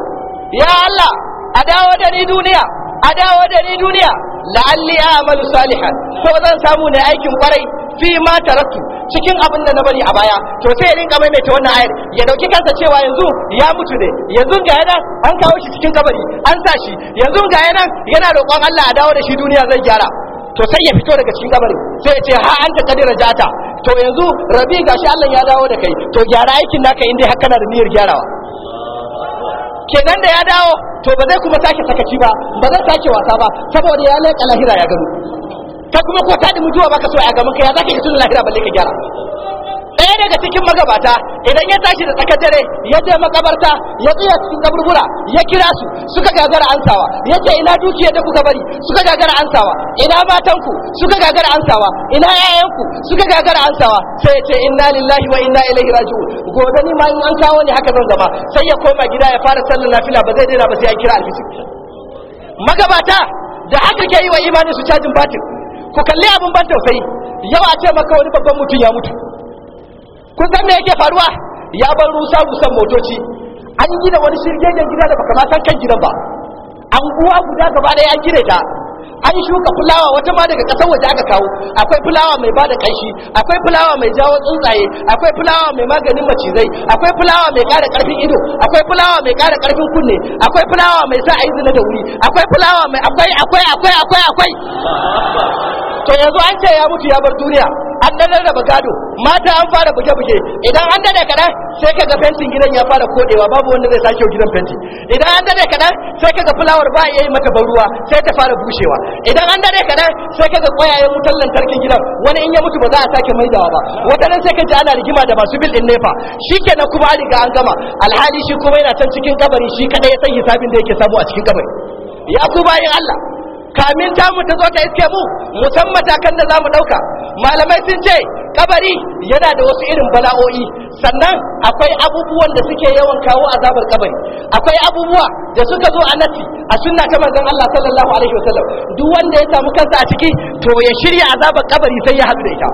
ya Allah a dawo da ni duniya a dawo da ni duniya la'alli a'malu salihan ko zan samu ne aikin kwarai fi ma taraktu cikin abin da na bari a baya to sai ya rinka maimaita wannan ayar ya dauki kansa cewa yanzu ya mutu ne yanzu ga yana an kawo shi cikin kabari an sa shi yanzu ga yana yana roƙon Allah a dawo da shi duniya zai gyara to sai ya fito daga cikin kabari sai ya ce ha anta kadira jata to yanzu rabi gashi Allah ya dawo da kai to gyara aikin naka indai har kana da niyyar gyarawa kenan da ya dawo to ba zai kuma sake sakaci ba ba zai sake wasa ba saboda ya leƙa lahira ya gano ta kuma ko ta mutuwa baka so ya ga maka ya zaka yi tuna lahira balle ka gyara ɗaya daga cikin magabata idan ya tashi da tsakar dare ya je makabarta ya tsaya cikin kaburbura ya kira su suka gagara ansawa ya ce ina dukiyar da kuka bari suka gagara ansawa ina matanku suka gagara ansawa ina yayanku suka gagara ansawa sai ya ce inna lillahi wa inna ilaihi raji'un gobe ni ma in an kawo ni haka zan zama sai ya koma gida ya fara sallar nafila ba zai daina ba sai ya kira alfisi magabata da haka ke yi wa imanin su cajin batir ku kalli abin ban tausayi yau a ce maka wani babban mutum ya mutu kun san me yake faruwa ya bar rusa rusan motoci an gina wani shirgejen gida da baka ma san kan gidan ba anguwa guda gaba ɗaya an gina ta an shuka fulawa wata ma daga kasar waje aka kawo akwai fulawa mai bada kanshi akwai fulawa mai jawo tsuntsaye akwai fulawa mai maganin macizai akwai fulawa mai ƙara karfin ido akwai fulawa mai ƙara karfin kunne akwai fulawa mai sa a yi zina da wuri akwai fulawa mai akwai akwai akwai akwai akwai to yanzu an ce ya mutu ya bar duniya an dan rarraba gado mata an fara buge-buge idan an dade kadan sai ka ga fentin gidan ya fara kodewa babu wanda zai sake gidan fenti idan an dade kadan sai kaga ga fulawar ba yayi yi mata ban ruwa sai ta fara bushewa idan an dade kadan sai ka ga ƙwayayen wutar lantarkin gidan wani in ya mutu ba za a sake maidawa ba wata nan sai ka ji ana rigima da masu bil din nefa shikenan kuma an ga an gama alhali shi kuma yana can cikin kabari shi kada ya san hisabin da yake samu a cikin kabari ya ku bayin Allah kamin mu ta zo ta iske mu musan matakan da za mu ɗauka malamai sun ce kabari yana da wasu irin bala'o'i sannan akwai abubuwan da suke yawan kawo azabar kabari akwai abubuwa da suka zo a nasi a sunna ta manzon Allah sallallahu alaihi wasallam duk wanda ya samu kansa a ciki to ya shirya azabar kabari sai ya hadu da ita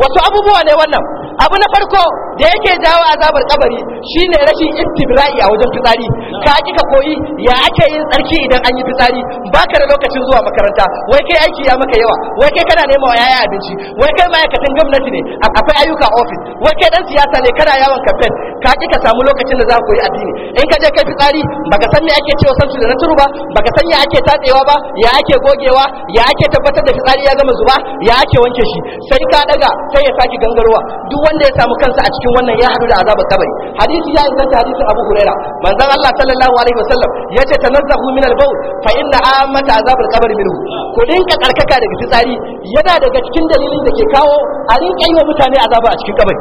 wasu abubuwa ne wannan abu na farko da yake jawo azabar kabari shine rashin ittibra'i a wajen fitsari ka ki ka koyi ya ake yin tsarki idan an yi fitsari baka da lokacin zuwa makaranta wai kai aiki ya maka yawa wai kai kana nema wa yaya abinci wai kai ma'aikatan gwamnati ne akwai ayyuka office wai kai dan siyasa ne kana yawon kafin ka ki ka samu lokacin da za ka koyi addini in ka je kai fitsari baka san me ake cewa santu da naturu ba baka san ya ake tatsewa ba ya ake gogewa ya ake tabbatar da fitsari ya gama zuba ya ake wanke shi sai ka daga sai ya saki gangarwa duk wanda ya samu kansa a cikin wannan ya hadu da azabar kabari hadisi ya inganta hadisi abu huraira manzon Allah sallallahu alaihi wasallam yace tanazzahu min al-bawl fa inna amata azabar kabari minhu ku dinka karkaka daga fitsari yana daga cikin dalilin da ke kawo a rinka yi wa mutane azaba a cikin kabari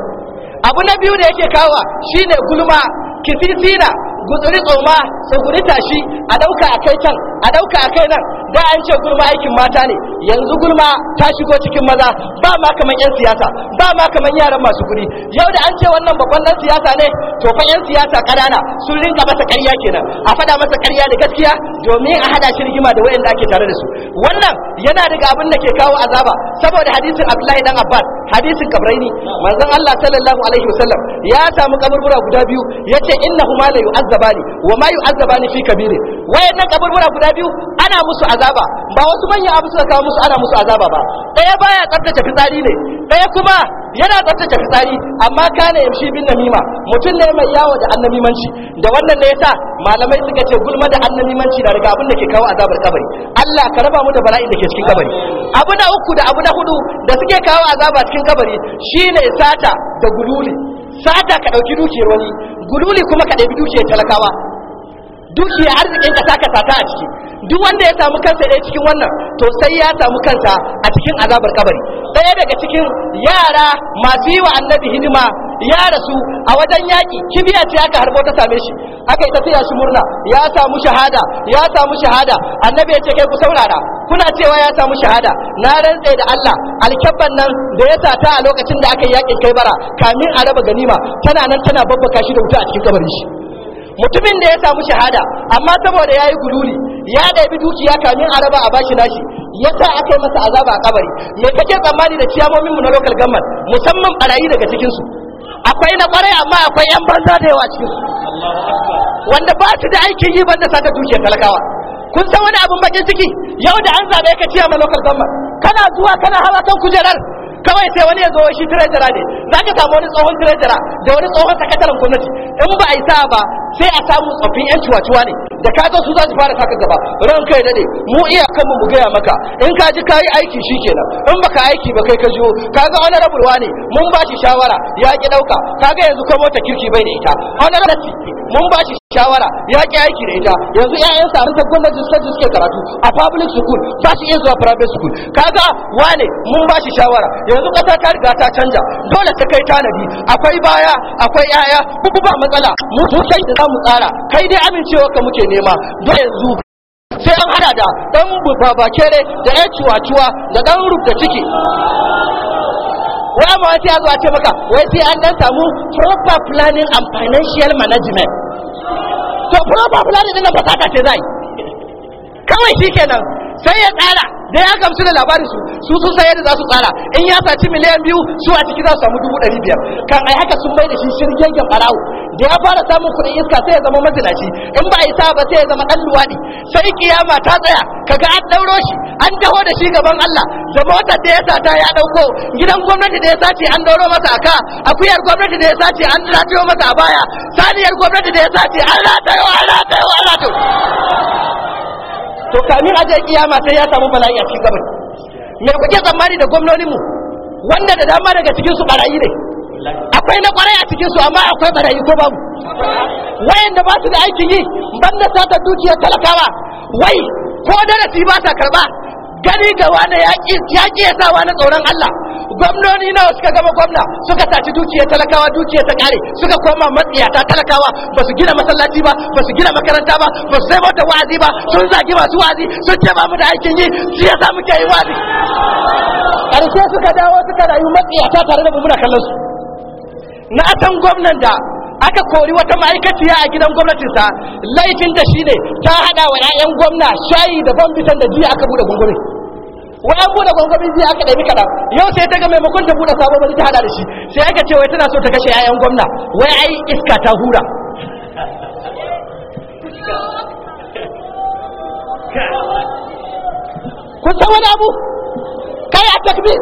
abu na biyu da yake kawo shine gulma kisisira guduri tsoma tsuguri tashi a dauka a kai can a ɗauka a kai nan da an ce gulma aikin mata ne yanzu gulma ta shigo cikin maza ba ma kamar 'yan siyasa ba ma kamar yaran masu kuɗi yau da an ce wannan babban ɗan siyasa ne to fa 'yan siyasa ƙanana sun rinka masa ƙarya kenan a faɗa masa ƙarya da gaskiya domin a haɗa shi rigima da wayanda ake tare da su wannan yana daga abin da ke kawo azaba saboda hadisin Abdullahi dan Abbas hadisin kabraini manzon Allah sallallahu alaihi wasallam ya samu kaburbura guda biyu yace innahuma la yu'azzabani wa ma yu'azzabani fi kabir wayannan kaburbura guda biyu ana musu azaba ba wasu manyan abu suka kawo musu ana musu azaba ba ɗaya baya tsaftace fitsari ne ɗaya kuma yana tsaftace fitsari amma kana yamshi bin namima mutum ne mai yawo da annabimanci da wannan ne yasa malamai suka ce gulma da annabimanci na riga abin da ke kawo azabar kabari Allah ka raba mu da bala'in da ke cikin kabari abu na uku da abu na hudu da suke kawo azaba cikin kabari shine sata da gululi sata ka dauki dukiyar wani gululi kuma ka ɗabi dukiyar talakawa dukiyar arzikin ka saka sata a ciki duk wanda ya samu kansa ɗaya cikin wannan to sai ya samu kansa a cikin azabar kabari Daya daga cikin yara masu yi wa annabi hidima ya rasu a wajen yaki, kibiya ce aka harbo ta same shi aka yi tsaya shi murna ya samu shahada ya samu shahada annabi ya ce kai ku saurara kuna cewa ya samu shahada na rantse da Allah alkabban nan da ya sata a lokacin da aka yi kai bara kamin a raba ganima tana nan tana babbaka shi da wuta a cikin kabarin shi mutumin da ya samu shahada amma saboda ya yi gululi ya ɗabi dukiya kamin a raba a bashi nashi ya sa aka yi masa azaba a kabari me kake tsammani da ciyamomin mu na lokal government musamman barayi daga cikin su akwai na kwarai amma akwai yan banza da yawa cikin su wanda ba su da aikin yi banda sata dukiyar talakawa kun san wani abin bakin ciki yau da an zabe ka ciyama lokal government kana zuwa kana hawa kan kujerar kawai sai wani ya zo shi tirejara ne za ka samu wani tsohon tirejara da wani tsohon sakataren gwamnati in ba a yi sa ba sai a samu tsoffin yan ciwaciwa ne da ka ga su za su fara saka gaba ran kai ne mu iya kanmu mu gaya maka in ka ji kayi aiki kenan in baka aiki ba kai ka jiyo kaga honorable ne mun ba shi shawara ya ki dauka kaga yanzu ko mota kirki bai da ita honorable mun ba shi shawara ya ki aiki da ita yanzu 'ya'yan sa ta gwamnati sai suke karatu a public school ba shi iya zuwa private school kaga wane mun ba shi shawara yanzu kasa ta riga ta canja dole ta kai tanadi akwai baya akwai 'ya'ya ku ba matsala mu sai da mu tsara kai dai amincewa ka muke nema don yanzu sai an hada da dan babakere da ya ciwa-ciwa da dan rubda ciki wai amma sai ya zo a ce maka wai sai an dan samu proper planning and financial management to proper planning din na ta ce zai kawai shikenan sai ya tsara da ya gamsu da labarin su su sun sai yadda za su tsara in ya saci miliyan biyu su a ciki za su samu dubu ɗari biyar kan ai haka sun bai da shi shirgegen ɓarawo da ya fara samun kuɗin iska sai ya zama mazinaci in ba a yi sa ba sai ya zama ɗan luwaɗi sai kiyama ta tsaya kaga an ɗauro shi an taho da shi gaban Allah da motar da ya sata ya ɗauko gidan gwamnati da ya sace an ɗauro masa aka akuyar gwamnati da ya sace an ratayo masa a baya saniyar gwamnati da ya sace an ratayo an ratayo an ratayo to kamin aje kiyama sai ya samu bala'i a cikin kabari me kuke tsammani da gwamnonin mu wanda da dama daga cikin su barayi ne akwai na kwarai a cikin su amma akwai barayi ko babu da ba su da aikin yi banda sata dukiyar talakawa wai ko darasi ba ta karba gani ga wani ya ƙi ya sa wani tsoron Allah gwamnoni nawa suka gama gwamna suka saci dukiyar talakawa dukiyar ta kare suka koma matsiyata talakawa ba su gina masallaci ba ba su gina makaranta ba ba su sai mota wa'azi ba sun zagi masu wa'azi sun ce ba mu da aikin yi shi sa muke yi wa'azi karshe suka dawo suka rayu matsiyata tare da mu kallon su na atan gwamnan da aka kori wata ma'aikaciya a gidan gwamnatinsa laifin da shi ne ta hada wa 'ya'yan gwamna shayi da bambitan da jiya aka bude gungumin wai an bude gwangwamin jiya aka ɗabi kaɗan yau sai ta ga maimakon ta bude sabon wani ta hada da shi sai aka ce wai tana so ta kashe 'ya'yan gwamna wai ai iska ta hura kun san wani abu kai a takbir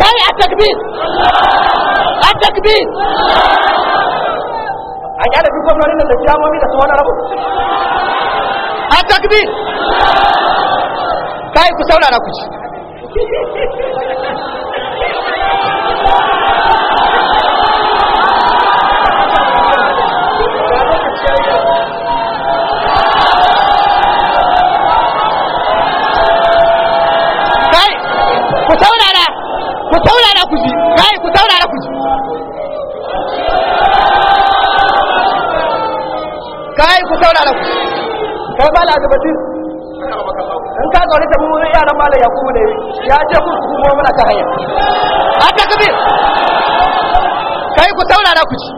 kai a takbir a takbir a kyara duk nan da jamomi da su wani rabu a takbir kai ku saurara ku ci kai ku saurara ku saurara ku ji kai ku saurara ku ji kai ku saurara ku ji kai ba la gabatin in ka zaune ta mummunan yaran malam yakubu ne ya je kun ku kuma muna ta hanya a ta kabir kai ku saurara ku ci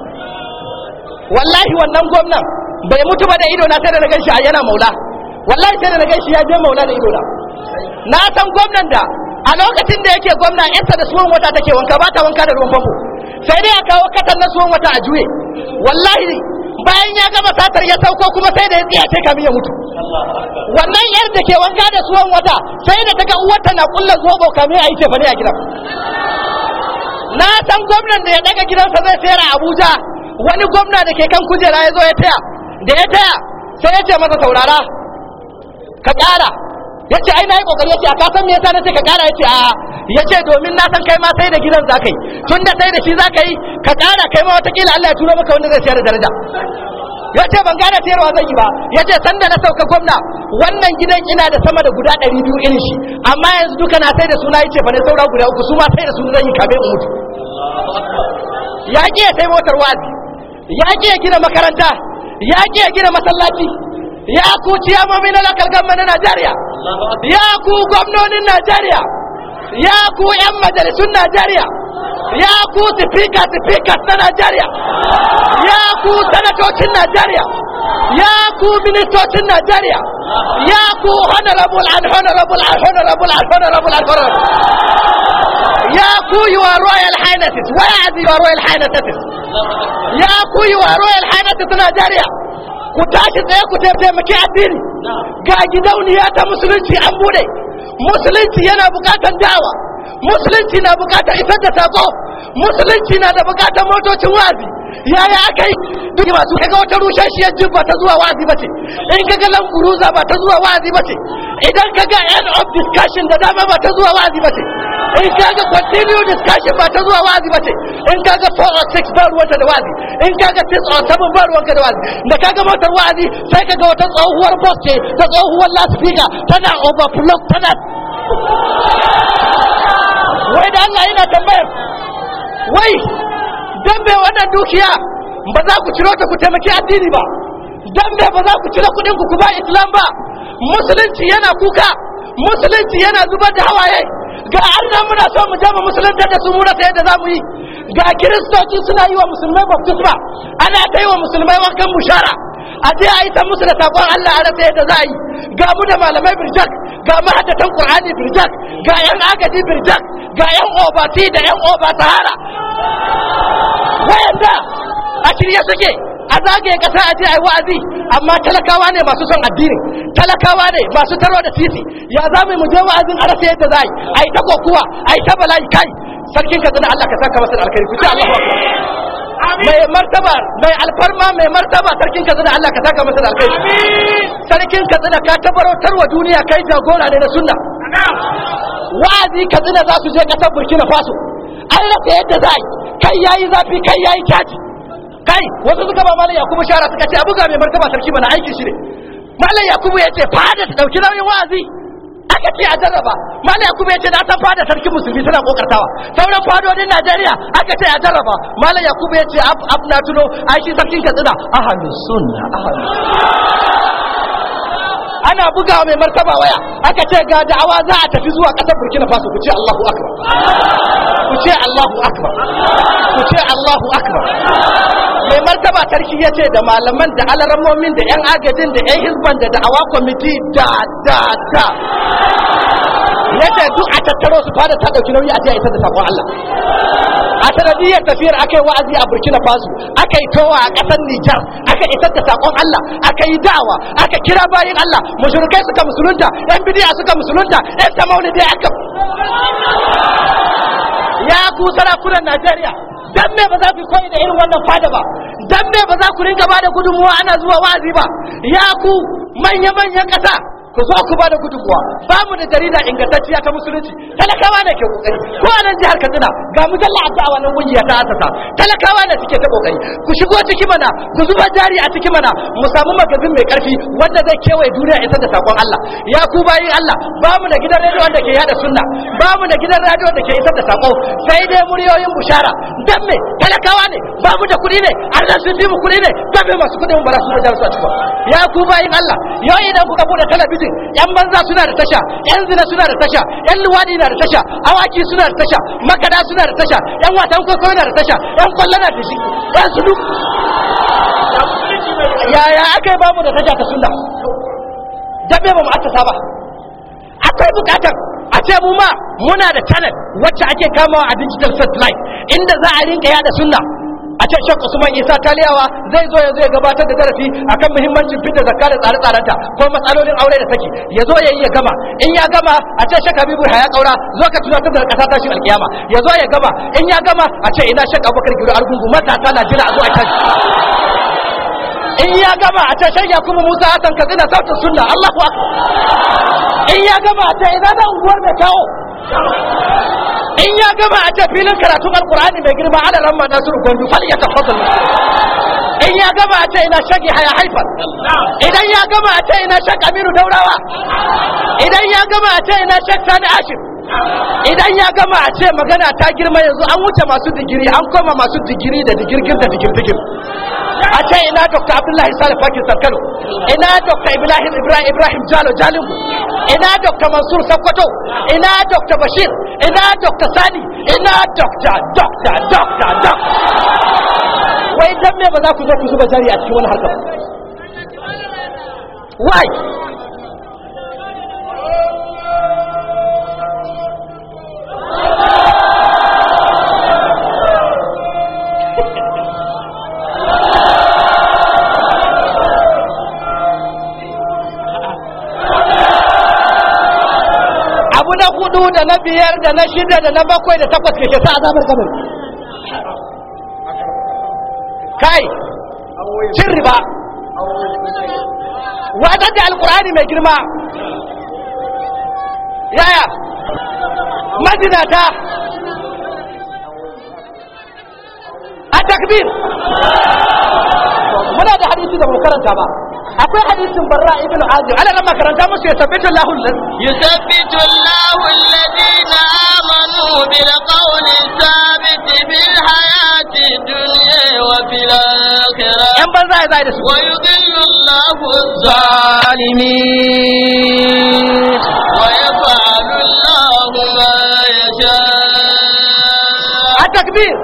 wallahi wannan gwamnan bai mutu ba da ido na sai da na shi a yana maula wallahi sai da na shi ya je maula da ido na na san gwamnan da a lokacin da yake gwamna yarsa da suwan wata take wanka ba ta wanka da ruwan famfo sai dai a kawo katan na suwan wata a juye wallahi bayan ya gama satar ya sauko kuma sai da ya ce kamin ya mutu wannan yar da ke wanka da suwan wata sai da daga uwarta na kulla zobo kame a yi fari a gidan na san gwamnan da ya daga gidansa zai sayar a abuja wani gwamna da ke kan kujera ya zo ya taya da ya taya sai ya ce masa saurara ka ƙara ya ce ai na yi ƙoƙari ya ce a kasan me yasa na ce ka ƙara ya ce a ya ce domin na san kai ma sai da gidan za ka yi tun da sai da shi za ka yi ka ƙara kai ma watakila allah ya turo maka wanda zai sayar da daraja ya ce ban gane tayarwa zan yi ba ya ce sanda na sauka gwamna wannan gidan ina da sama da guda ɗari biyu irin shi amma yanzu duka na sai da suna ya ce ba ne saura guda uku su ma sai da su zan yi kame in mutu ya ƙi ya sai motar wazi ya ƙi ya gina makaranta ya ƙi ya gina masallaci ya ku ciyamomi na lakal gamma na najeriya ya ku gwamnonin najeriya ya ku 'yan majalisun najeriya ya ku sifika sifikas ta Najeriya ya ku sanatocin Najeriya ya ku ministocin Najeriya ya ku honorable and honorable and honorable and honorable and honorable ya ku wa royal highnesses wa are your royal highnesses ya ku wa royal highnesses Najeriya ku tashi tsaye ku muke addini ga gidauniya ta musulunci an bude musulunci yana bukatan dawa musulunci na bukatar isar da sako musulunci na da bukatar motocin wazi yaya aka yi duk masu kaga wata rusasshiyar jin ba ta zuwa wazi ba ce in kaga kuruza ba ta zuwa wazi ba ce idan kaga end of discussion da dama ba ta zuwa wazi ba ce in kaga continue discussion ba ta zuwa wazi ba ce in kaga 4 or 6 ba ruwanta da wazi in kaga 6 or 7 ba ruwanka da wazi da kaga motar wazi sai kaga wata tsohuwar boss ce ta tsohuwar last speaker tana overflow tana wai da Allah yana tambayar wai dambe wannan dukiya ba za ku ciro ta ku taimaki addini ba dambe bai ba za ku cire kuɗin ku ku ba islam ba musulunci yana kuka musulunci yana zubar da hawaye ga allah muna so mu jama musulunta da su muna sai da za mu yi ga kiristoci suna yi wa musulmai baptisma ana ta yi wa musulmai wankan bushara a je a yi ta musu da allah a rasa yadda za a yi ga mu da malamai birjak ga mahaddatan qur'ani birjak ga yan agaji birjak ga yan obati da yan oba sahara wayanda a shirye suke a zagaye kasa a ce ai wa'azi amma talakawa ne masu son addini talakawa ne masu taro da titi ya za mu je wa'azin a rasa yadda za a yi ta kokuwa a yi ta bala'i kai sarkin ka zana Allah ka saka masa alkhairi ku ce Allahu akbar mai martaba mai alfarma mai martaba sarkin katsina Allah ka saka masa da alkai sarkin katsina ka tabarautar wa duniya kai jagora ne na sunna wa'azi katsina za su je kasar burkina faso an rasa yadda za yi kai yi zafi kai yi caji kai wasu suka ba malam yakubu shara suka ce abuga mai martaba sarki bana aiki shi ne malam yakubu ya ce fada ta ɗauki nauyin wa'azi aka ce a jarraba mana ya kuma yace na san fada sarki musulmi tana kokartawa sauran fadodin najeriya aka ce a jarraba mana ya kuma yace ab na tuno ai shi sarkin katsina ahlus sunna ahlus ana buga mai martaba waya aka ce ga da'awa za a tafi zuwa kasar burkina faso ku ce allahu akbar ku ce allahu akbar ku ce allahu akbar mai martaba sarki ya ce da malaman da momin da 'yan agajin da 'yan hizban da da'awa kwamiti da da da ya ce duk a tattaro su fada ta ɗauki nauyi a jiya ita da sabon Allah a sanadiyar tafiyar aka yi wa'azi a burkina faso aka yi towa a ƙasar nijar aka isar da sakon allah aka yi da'awa aka kira bayan allah mushrikai suka musulunta yan bidiya suka musulunta yan samauni dai aka ya ku sarakunan Najeriya dan me ba za ku koyi da irin wannan fada ba dan me ba za ku ringa ba da gudunmuwa ana zuwa wa'azi ba ya ku manya-manyan ƙasa ku zo ku bada gudunmuwa ba mu da jarida ingantacciya ta musulunci talakawa ne ke kokari ko a nan jihar katsina ga mujalla a ta'awa nan kungiya ta asasa talakawa ne suke ta kokari ku shigo ciki mana ku zuba jari a ciki mana mu samu magazin mai karfi wanda zai kewaye duniya isar da sakon Allah ya ku bayin Allah ba mu da gidan radio wanda ke yada sunna ba mu da gidan radio wanda ke isar da sako sai dai muryoyin bushara dan me talakawa ne ba mu da kuɗi ne Allah sun bi mu kuɗi ne dan me masu kuɗin mu ba su da jarsu a cikin ya ku bayin Allah yau idan kuka bude talabijin ne yan banza suna da tasha yan zina suna da tasha yan luwadi na da tasha awaki suna da tasha makada suna da tasha yan watan kwaikwayo na da tasha yan kwallo na da shi yan su duk yaya aka yi bamu da tasha ta suna dabe ba mu asasa ba akwai bukatar a ce mu ma muna da channel wacce ake kamawa a digital satellite inda za a rinka yada sunna a can shek usman isa taliyawa zai zo ya zo ya gabatar da darasi akan muhimmancin fitar zakka da tsare-tsarenta ko matsalolin aure da saki ya zo ya yi ya gama in ya gama a can shakka Habibu haya kaura zo ka tunatar da kasa tashin alkiyama ya zo ya gama in ya gama a ce ina shek abubakar giro argungu matasa na jira a zo a can in ya gama a can shakka kuma musa hasan katsina sautin sunna allahu akbar in ya gama a can ina da unguwar mai kawo in ya gama a filin karatun alkur'ani mai girma ala ramma na suru gwandu fal ya tafadal in ya gama a ce ina shagi haya haifar idan ya gama a ce ina shak Aminu daurawa idan ya gama a ce ina shak sani ashir idan ya gama a ce magana ta girma yanzu an wuce masu digiri an koma masu digiri da digirgir da digirgir a ce ina dr abdullahi salih pakistan kano ina dr ibrahim ibrahim jalo jalingu ina dr mansur sokoto ina dr bashir ina dr sani ina dr dr dr dr wai dan me ba za ku zo ku zuba jari a cikin wani harkar why hudu da na biyar da na shida da na bakwai da takwas ke ke sa azabar kabari kai cin riba wadar da alkurani mai girma yaya mazinata a takbir muna da hadisi da mulkaranta ba أقول حديث براء بن عازم على لما كرنت أمس يثبت الله الذين يثبت الله الذين آمنوا بالقول الثابت في الحياة الدنيا وفي الآخرة ويضل الله الظالمين ويفعل الله ما يشاء التكبير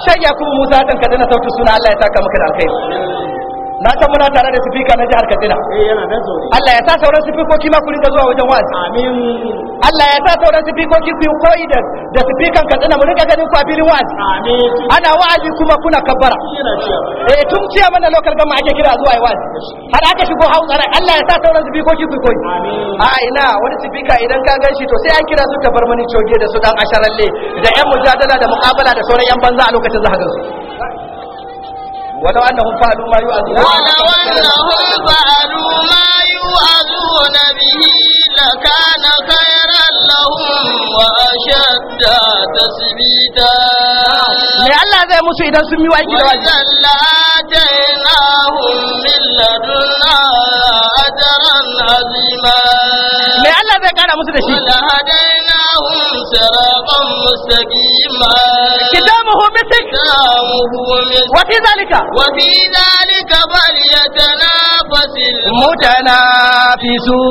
sai ya kuma musa dan kadana sautin suna Allah ya na san muna tare da sifika na jihar Katsina eh, Allah ya sa sauran sifikoki ma ku rinka zuwa wajen wa'azi amin Allah ya sa sauran sifikoki ku koyi da da sifikan Katsina mu rinka ganin ku a filin wa'azi amin ana wa'azi kuma kuna kabbara eh tun ciya mana lokal gama ake kira zuwa yi wa'azi har aka shigo hausa Allah ya sa sauran sifikoki ku koyi amin a ina wani sifika idan ka ganshi to sai an kira su mani coge da su dan asharalle da yan mujadala da muqabala da sauran yan banza a lokacin zaka ولو أنهم فعلوا ما يوعظون ولو أنهم فعلوا ما يوعظون به لكان خيرا لهم وأشد تثبيتا لألا ذا موسى إذا سمي وأجد وإذا لآتيناهم من لدنا أجرا عظيما لألا ذا كان موسى دشي ولهديناهم صراطا مستقيما كتابه مثل كتابه مثل وفي ذلك وفي ذلك فليتنافس المتنافسون